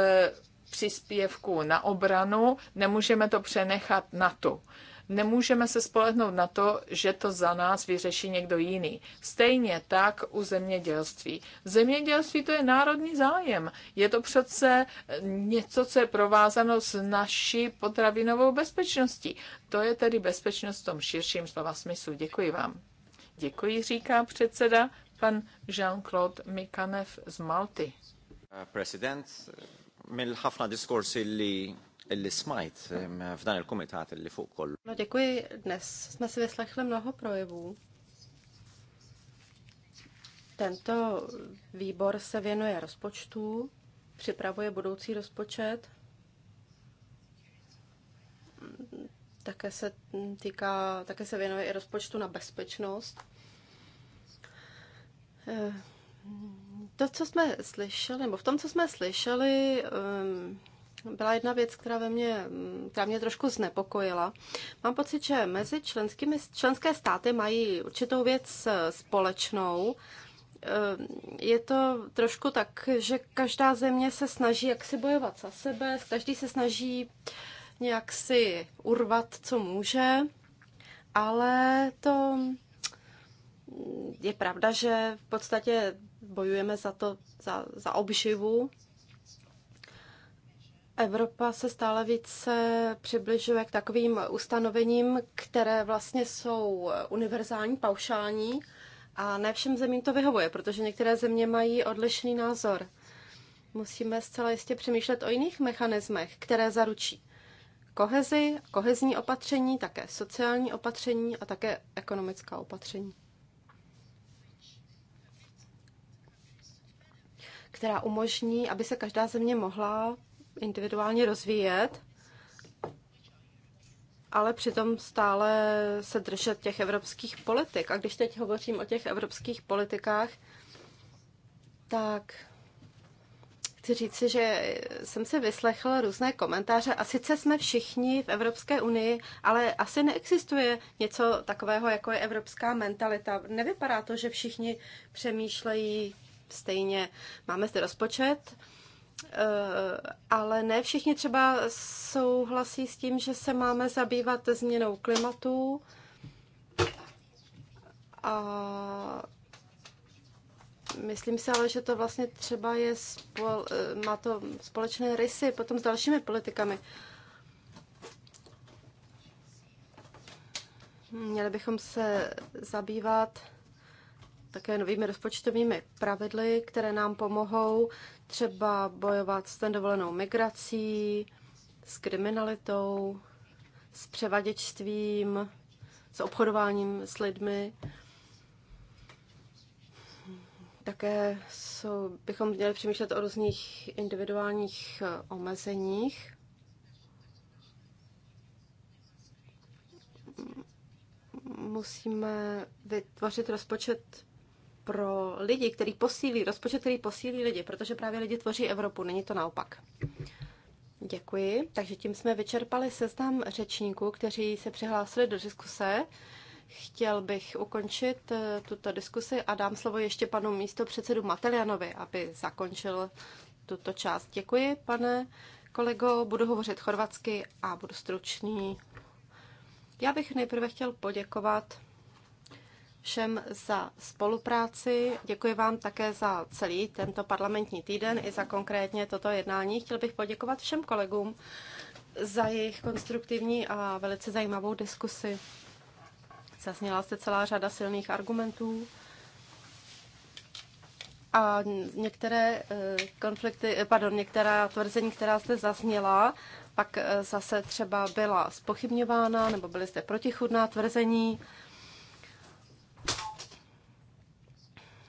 příspěvku na obranu, nemůžeme to přenechat na to. Nemůžeme se spolehnout na to, že to za nás vyřeší někdo jiný. Stejně tak u zemědělství. Zemědělství to je národní zájem. Je to přece něco, co je provázano s naší potravinovou bezpečností. To je tedy bezpečnost v tom širším slova smyslu. Děkuji vám. Děkuji, říká předseda pan Jean-Claude Mikanev z Malty. Uh, mill ħafna No děkuji, dnes jsme si vyslechli mnoho projevů. Tento výbor se věnuje rozpočtu, připravuje budoucí rozpočet, také se, týká, také se věnuje i rozpočtu na bezpečnost. Eh, to, co jsme slyšeli, nebo v tom, co jsme slyšeli, um, byla jedna věc, která, ve mě, mm, která mě trošku znepokojila. Mám pocit, že mezi členskými, členské státy mají určitou věc eh, společnou. Eh, je to trošku tak, že každá země se snaží jak si bojovat za sebe, každý se snaží nějak si urvat, co může, ale to mm, je pravda, že v podstatě bojujeme za to, za, za obživu Evropa se stále více přibližuje k takovým ustanovením, které vlastně jsou univerzální, paušální a ne všem zemím to vyhovuje, protože některé země mají odlišný názor. Musíme zcela jistě přemýšlet o jiných mechanismech, které zaručí kohezi, kohezní opatření, také sociální opatření a také ekonomická opatření. která umožní, aby se každá země mohla individuálně rozvíjet, ale přitom stále se držet těch evropských politik. A když teď hovořím o těch evropských politikách, tak chci říci, že jsem se vyslechla různé komentáře a sice jsme všichni v Evropské unii, ale asi neexistuje něco takového, jako je evropská mentalita. Nevypadá to, že všichni přemýšlejí stejně. Máme zde rozpočet, Eh, ale ne všichni třeba souhlasí s tím, že se máme zabývat změnou klimatu a myslím si ale, že to vlastně třeba je spol, eh, má to společné rysy potom s dalšími politikami. Měli bychom se zabývat také novými rozpočtovými pravidly, které nám pomohou třeba bojovat s nedovolenou migrací, s kriminalitou, s převaděčstvím, s obchodováním s lidmi. Také jsou, bychom měli přemýšlet o různých individuálních eh, omezeních. Musíme vytvořit rozpočet pro lidi, který posílí, rozpočet, který posílí lidi, protože právě lidi tvoří Evropu, není to naopak. Děkuji. Takže tím jsme vyčerpali seznam řečníků, kteří se přihlásili do diskuse. Chtěl bych ukončit eh, tuto diskusi a dám slovo ještě panu místo předsedu Matelianovi, aby zakončil tuto část. Děkuji, pane kolego, budu hovořit chorvatsky a budu stručný. Já bych nejprve chtěl poděkovat všem za spolupráci. Děkuji vám také za celý tento parlamentní týden i za konkrétně toto jednání. Chtěl bych poděkovat všem kolegům za jejich konstruktivní a velice zajímavou diskusi. Zazněla jste celá řada silných argumentů a některé eh, konflikty, eh, pardon, některá tvrzení, která jste zazněla, pak eh, zase třeba byla spochybňována nebo byly zde protichudná tvrzení.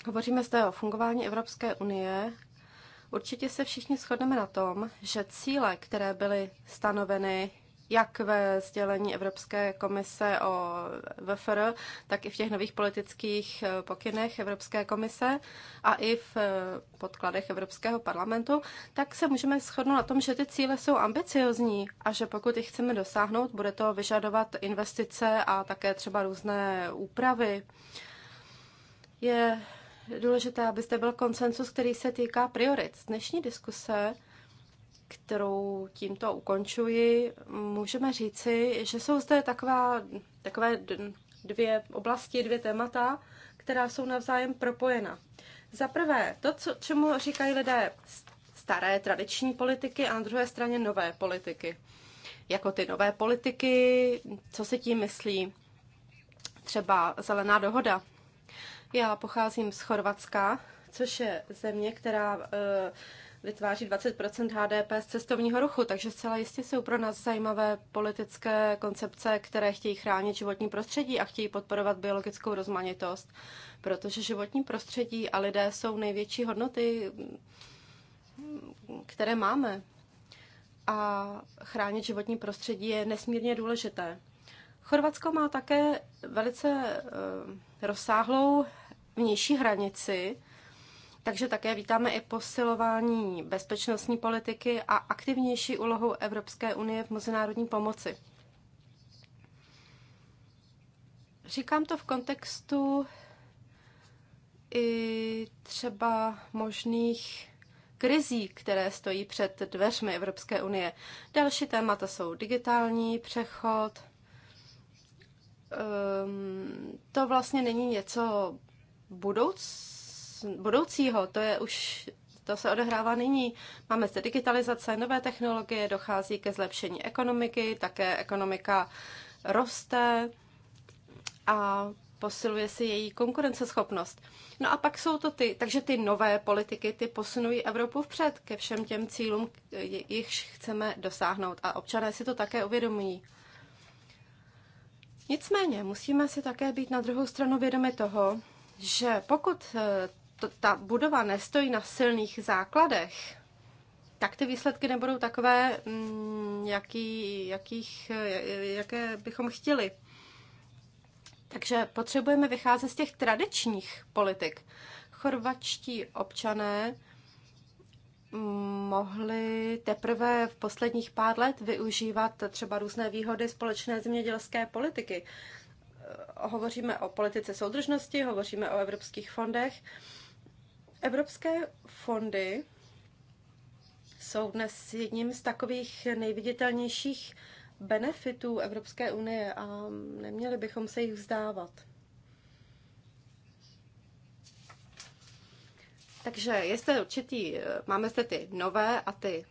Hovoříme zde o fungování Evropské unie. Určitě se všichni shodneme na tom, že cíle, které byly stanoveny jak ve sdělení Evropské komise o VFR, tak i v těch nových politických eh, pokynech Evropské komise a i v eh, podkladech Evropského parlamentu, tak se můžeme shodnout na tom, že ty cíle jsou ambiciozní a že pokud jich chceme dosáhnout, bude to vyžadovat investice a také třeba různé úpravy. Je důležité, abyste byl konsensus, který se týká priorit. Z dnešní diskuse, kterou tímto ukončuji, můžeme říci, že jsou zde taková, takové dvě oblasti, dvě témata, která jsou navzájem propojena. Za prvé, to, co, čemu říkají lidé staré tradiční politiky a na druhé straně nové politiky. Jako ty nové politiky, co se tím myslí? Třeba zelená dohoda já pocházím z Chorvatska, což je země, která e, vytváří 20 HDP z cestovního ruchu, takže zcela jistě jsou pro nás zajímavé politické koncepce, které chtějí chránit životní prostředí a chtějí podporovat biologickou rozmanitost, protože životní prostředí a lidé jsou největší hodnoty, které máme. A chránit životní prostředí je nesmírně důležité. Chorvatsko má také velice eh, rozsáhlou vnější hranici, takže také vítáme i posilování bezpečnostní politiky a aktivnější úlohu Evropské unie v mezinárodní pomoci. Říkám to v kontextu i třeba možných krizí, které stojí před dveřmi Evropské unie. Další témata jsou digitální přechod, um, to vlastně není něco budouc, budoucího, to je už to se odehrává nyní. Máme zde digitalizace, nové technologie, dochází ke zlepšení ekonomiky, také ekonomika roste a posiluje si její konkurenceschopnost. No a pak jsou to ty, takže ty nové politiky, ty posunují Evropu vpřed ke všem těm cílům, jichž chceme dosáhnout a občané si to také uvědomují. Nicméně musíme si také být na druhou stranu vědomi toho, že pokud eh, ta budova nestojí na silných základech, tak ty výsledky nebudou takové, mm, jaký, jakých, eh, jaké bychom chtěli. Takže potřebujeme vycházet z těch tradičních politik. Chorvačtí občané mohli teprve v posledních pár let využívat třeba různé výhody společné zemědělské politiky. Hovoříme o politice soudržnosti, hovoříme o evropských fondech. Evropské fondy jsou dnes jedním z takových nejviditelnějších benefitů Evropské unie a neměli bychom se jich vzdávat. Takže jestli určitý, eh, máme zde ty nové a ty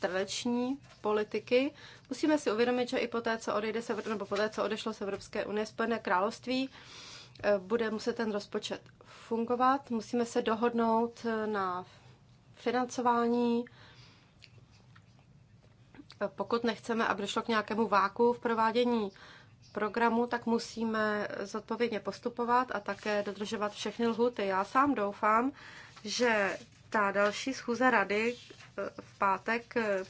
tradiční politiky. Musíme si uvědomit, že i po té, co odejde se, nebo po té, co odešlo z Evropské unie Spojené království, eh, bude muset ten rozpočet fungovat. Musíme se dohodnout eh, na financování. Pokud nechceme, aby došlo k nějakému váku v provádění programu, tak musíme zodpovědně postupovat a také dodržovat všechny lhuty. Já sám doufám, že ta další schůze rady eh, v pátek eh,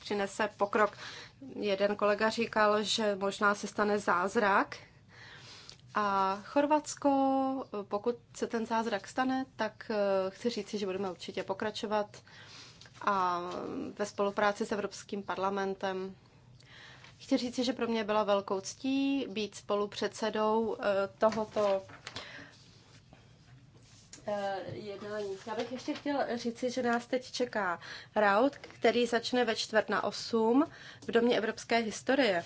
přinese pokrok. Jeden kolega říkal, že možná se stane zázrak. A Chorvatsko, eh, pokud se ten zázrak stane, tak chci říci, že budeme určitě pokračovat a ve spolupráci s Evropským parlamentem Chci říci, že pro mě byla velkou ctí být spolupředsedou eh, tohoto eh, jednání. Já bych ještě chtěla říci, že nás teď čeká raut, který začne ve čtvrt na osm v Domě evropské historie.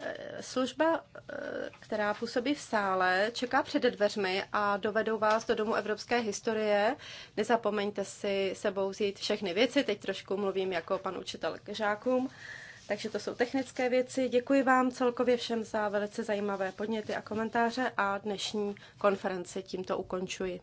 Eh, služba, eh, která působí v sále, čeká před dveřmi a dovedou vás do Domu evropské historie. Nezapomeňte si sebou vzít všechny věci. Teď trošku mluvím jako pan učitel k žákům. Takže to jsou technické věci. Děkuji vám celkově všem za velice zajímavé podněty a komentáře a dnešní konferenci tímto ukončuji.